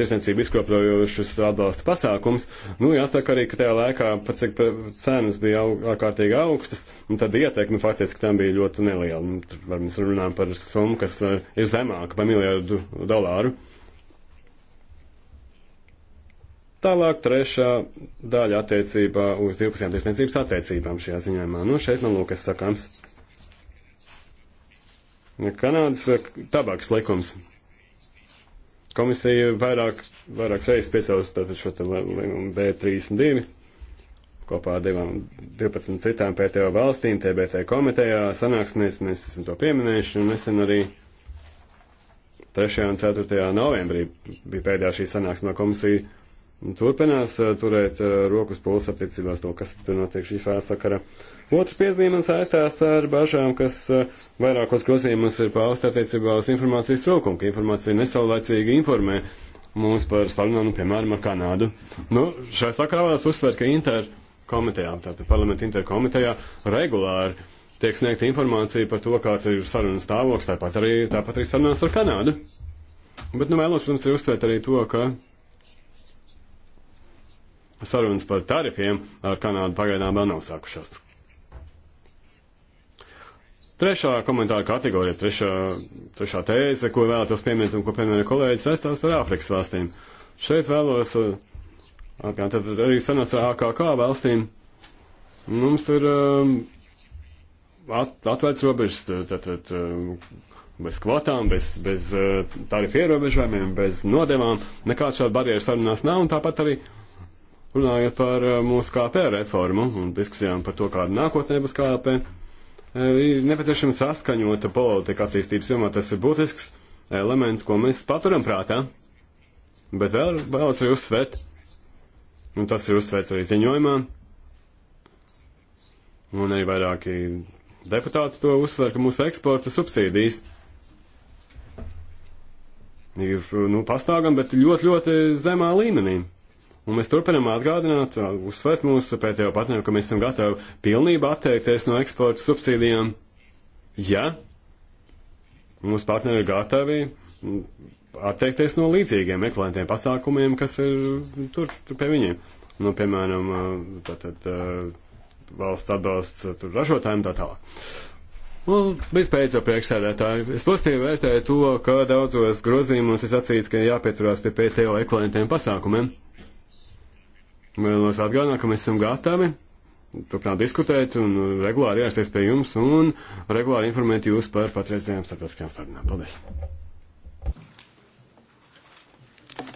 tirsniecību izkropļojošus atbalsta pasākums, nu jāsaka arī, ka tajā laikā, pat cik cenas bija aug, ārkārtīgi augstas, un nu, tad ietekme faktiski tam bija ļoti neliela. Nu, tur var mēs runājam par summu, kas ir zemāka par miljardu dolāru. Uh, Tālāk trešā daļa attiecībā uz 12. tiesniecības attiecībām šajā ziņojumā. Nu, šeit man nu, lūk, kas sakāms. Kanādas eh, tabaks likums. Komisija vairāk, vairākas reizes piecēlus šo te likumu B32 kopā ar divām, 12 citām PTO valstīm, TBT komitejā sanāksmēs, mēs esam to pieminējuši, un nesen arī 3. un 4. novembrī bija pēdējā šī sanāksme no komisija turpinās eh, turēt eh, rokas pulsu attiecībās to, kas notiek šī fēsakara. Otrs piezīme saistās ar bažām, kas eh, vairākos grozījumus ir paust attiecībā uz informācijas trūkumu, ka informācija nesaulēcīgi informē mūs par sarunām, piemēram, ar Kanādu. Nu, šai sakarā vēlas uzsvērt, ka interkomitejā, tātad parlamenta interkomitejā regulāri tiek sniegta informācija par to, kāds ir sarunu stāvoklis, tāpat arī, tāpat arī sarunās ar Kanādu. Bet, nu, vēlos, protams, uzsvērt arī to, ka sarunas par tarifiem ar Kanādu pagaidām vēl nav sākušās. Trešā komentāra kategorija, trešā, trešā tēze, ko vēlētos pieminēt un ko pieminēja kolēģis, saistās ar Āfrikas valstīm. Šeit vēlos, kā tad arī sanās ar AKK valstīm, mums tur at, atvērts robežas, tad, tad bez kvotām, bez, bez tarifu ierobežojumiem, bez nodevām, nekāds šāda barjeras sarunās nav, un tāpat arī uh, Runājot par eh, mūsu KP reformu un diskusijām par to, kāda nākotnē būs KP, eh, ir nepieciešama saskaņota politika attīstības jomā. Tas ir būtisks elements, ko mēs paturam prātā. Bet vēl, vēlos arī uzsvērt, un tas ir uzsvērts arī ziņojumā, un arī vairāki deputāti to uzsver, ka mūsu eksporta subsīdijas ir, nu, pastāgam, bet ļoti, ļoti zemā līmenī. Un mēs turpinām atgādināt, uh, uzsvērt mūsu pēdējo partneru, ka mēs esam gatavi pilnībā atteikties no eksporta subsīdijām, ja mūsu partneri ir gatavi mm, atteikties no līdzīgiem ekvivalentiem pasākumiem, kas ir mm, tur, tur pie viņiem. Nu, piemēram, tātad uh, uh, valsts atbalsts tur ražotājiem tā tālāk. Un bezpēc jau priekšsēdētāji, es pozitīvi vērtēju to, ka daudzos grozījumos ir sacīts, ka jāpieturās pie PTO ekvivalentiem pasākumiem. Vēlos atgādināt, ka mēs esam gatavi turpināt diskutēt un regulāri ierasties pie jums un regulāri informēt jūs par patreizējām starptautiskajām sarunām. Paldies!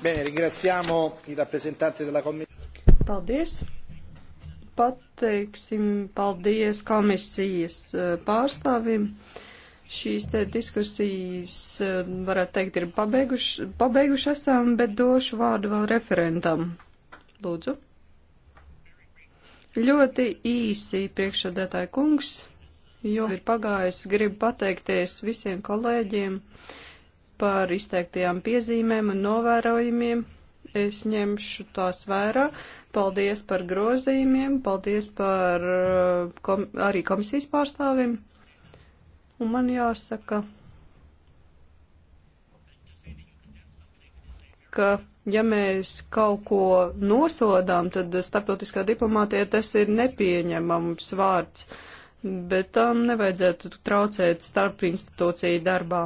Bene, ringraziamo il rappresentante della Commissione. Paldies! Pateiksim paldies komisijas eh, pārstāvim. Šīs te diskusijas, eh, varētu teikt, ir pabeiguši, pabeiguši esam, bet došu vārdu vēl referentam. Lūdzu. Ļoti īsi priekšsādātāja kungs, jo ir pagājis, gribu pateikties visiem kolēģiem par izteiktajām piezīmēm un novērojumiem. Es ņemšu tās vērā. Paldies par grozījumiem, paldies par uh, kom arī komisijas pārstāvim. Un man jāsaka, ka ja mēs kaut ko nosodām, tad starptautiskā diplomātija tas ir nepieņemams vārds, bet tam nevajadzētu traucēt starp institūciju darbā.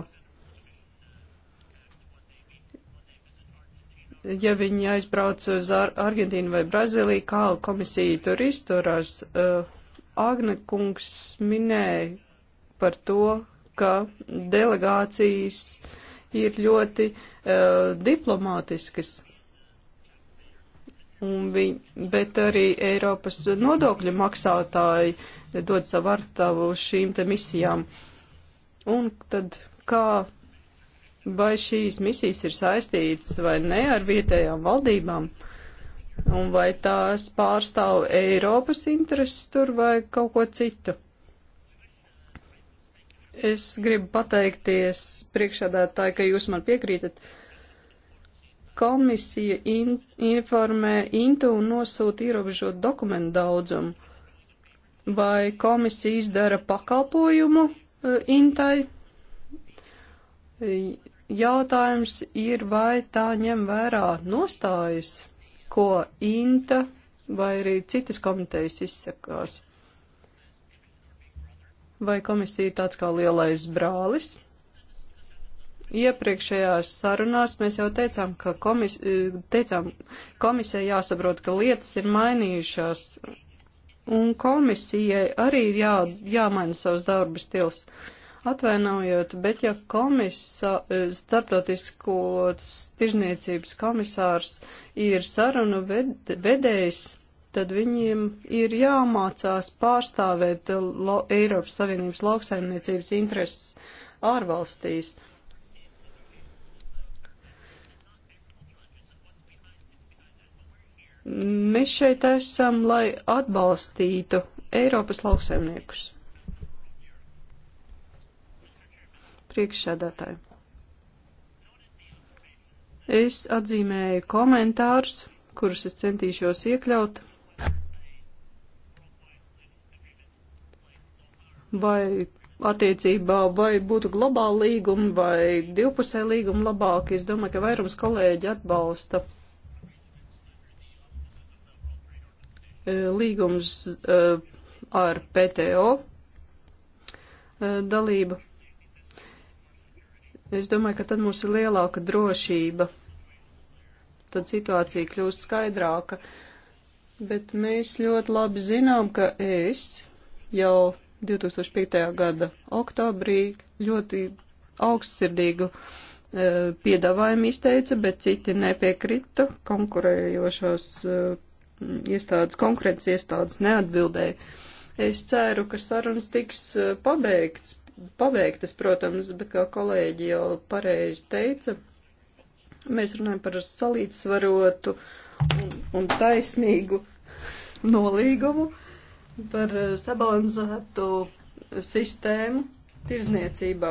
ja viņi aizbrauc uz Ar Argentīnu vai Brazīliju, kā komisija tur izturās. Uh, Agne kungs minēja par to, ka delegācijas ir ļoti uh, eh, diplomātiskas. Un viņ, bet arī Eiropas nodokļu maksātāji dod savu artavu šīm te misijām. Un tad kā, vai šīs misijas ir saistītas vai ne ar vietējām valdībām, un vai tās pārstāv Eiropas intereses tur vai kaut ko citu. Es gribu pateikties priekšādātāji, ka jūs man piekrītat. Komisija in, informē Intu un nosūta ierobežot dokumentu daudzumu. Vai komisija izdara pakalpojumu e, Intai? Jautājums ir, vai tā ņem vērā nostājas, ko Inta vai arī citas komitejas izsakās. Vai komisija ir tāds kā lielais brālis? Iepriekšējās sarunās mēs jau teicām, ka komis, teicām, komisija jāsaprot, ka lietas ir mainījušās, un komisijai arī ir jā, jāmaina savs darba stils. Atvainojot, bet ja komisa, e, starptautiskos tirzniecības komisārs ir sarunu ved, vedējs, tad viņiem ir jāmācās pārstāvēt lo, Eiropas Savienības lauksaimniecības intereses ārvalstīs. Mēs šeit esam, lai atbalstītu Eiropas lauksaimniekus. Priekšsēdētāji. Es atzīmēju komentārus, kurus es centīšos iekļaut vai attiecībā, vai būtu globāla līguma vai divpusē līguma labāk. Es domāju, ka vairums kolēģi atbalsta e, līgums e, ar PTO e, dalību. Es domāju, ka tad mums ir lielāka drošība. Tad situācija kļūst skaidrāka. Bet mēs ļoti labi zinām, ka es jau 2005. gada oktobrī ļoti augstsirdīgu e, piedāvājumu izteica, bet citi nepiekrita, konkurējošās e, iestādes, konkurences iestādes neatbildēja. Es ceru, ka sarunas tiks e, pabeigts, pabeigtas, protams, bet kā kolēģi jau pareizi teica, mēs runājam par salīdzsvarotu un, un taisnīgu nolīgumu. Uh, par eh, sabalansētu sistēmu tirzniecībā.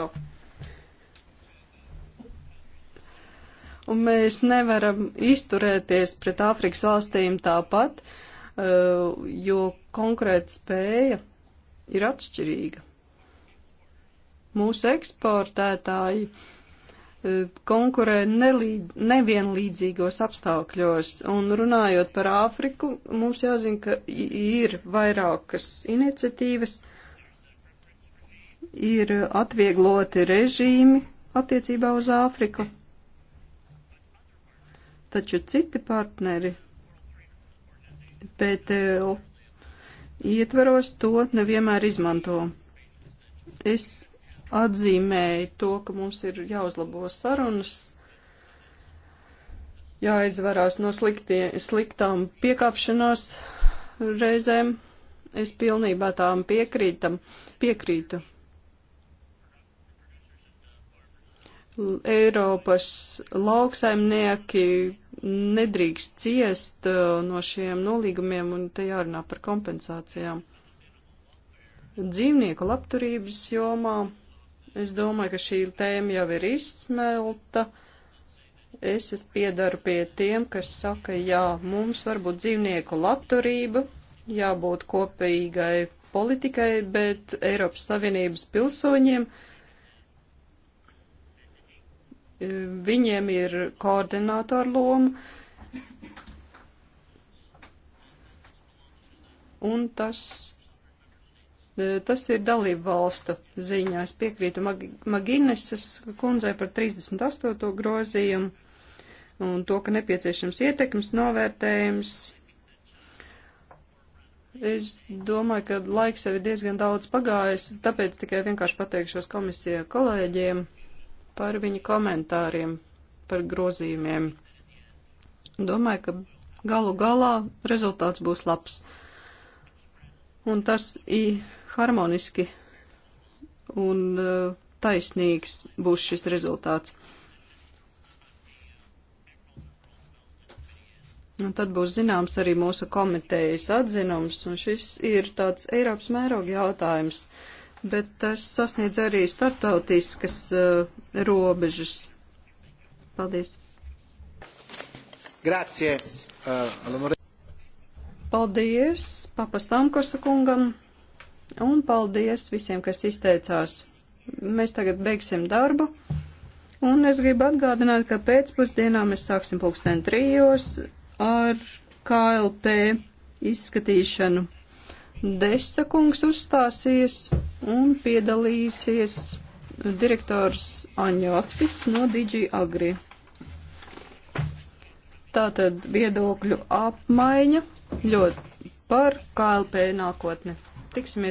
Un mēs nevaram izturēties pret Āfrikas valstīm tāpat, eh, jo konkrēta spēja ir atšķirīga. Mūsu eksportētāji uh, konkurē nelīd, nevienlīdzīgos apstākļos. Un runājot par Āfriku, mums jāzina, ka ir vairākas iniciatīvas, ir atviegloti režīmi attiecībā uz Āfriku. Taču citi partneri PTO ietveros to nevienmēr izmanto. Es atzīmēja to, ka mums ir jāuzlabo sarunas, jāizvarās no sliktie, sliktām piekāpšanās reizēm. Es pilnībā tām piekrītam, piekrītu. Eiropas lauksaimnieki nedrīkst ciest uh, no šiem nolīgumiem un te jārunā par kompensācijām. Dzīvnieku labturības jomā. Es domāju, ka šī tēma jau ir izsmelta. Es, es piedaru pie tiem, kas saka, jā, mums varbūt dzīvnieku labturība, jābūt kopīgai politikai, bet Eiropas Savienības pilsoņiem viņiem ir koordinātora loma. Un tas E, tas ir dalību valstu ziņā. Es piekrītu Mag Maginesas kundzei par 38. grozījumu un to, ka nepieciešams ietekmes novērtējums. Es domāju, ka laiks jau ir diezgan daudz pagājis, tāpēc tikai vienkārši pateikšos komisijā kolēģiem par viņu komentāriem, par grozījumiem. Domāju, ka galu galā rezultāts būs labs. Un tas ir harmoniski un eh, taisnīgs būs šis rezultāts. Un tad būs zināms arī mūsu komitejas atzinums, un šis ir tāds Eiropas mēroga jautājums, bet tas sasniedz arī starptautiskas uh, robežas. Paldies! Grazie! Uh, Paldies papastam Korsakungam! un paldies visiem, kas izteicās. Mēs tagad beigsim darbu. Un es gribu atgādināt, ka pēcpusdienā mēs sāksim pulksten trijos ar KLP izskatīšanu. Desa kungs uzstāsies un piedalīsies direktors Aņotis no Digi Agri. Tātad viedokļu apmaiņa ļoti par KLP nākotni. Tiksimies!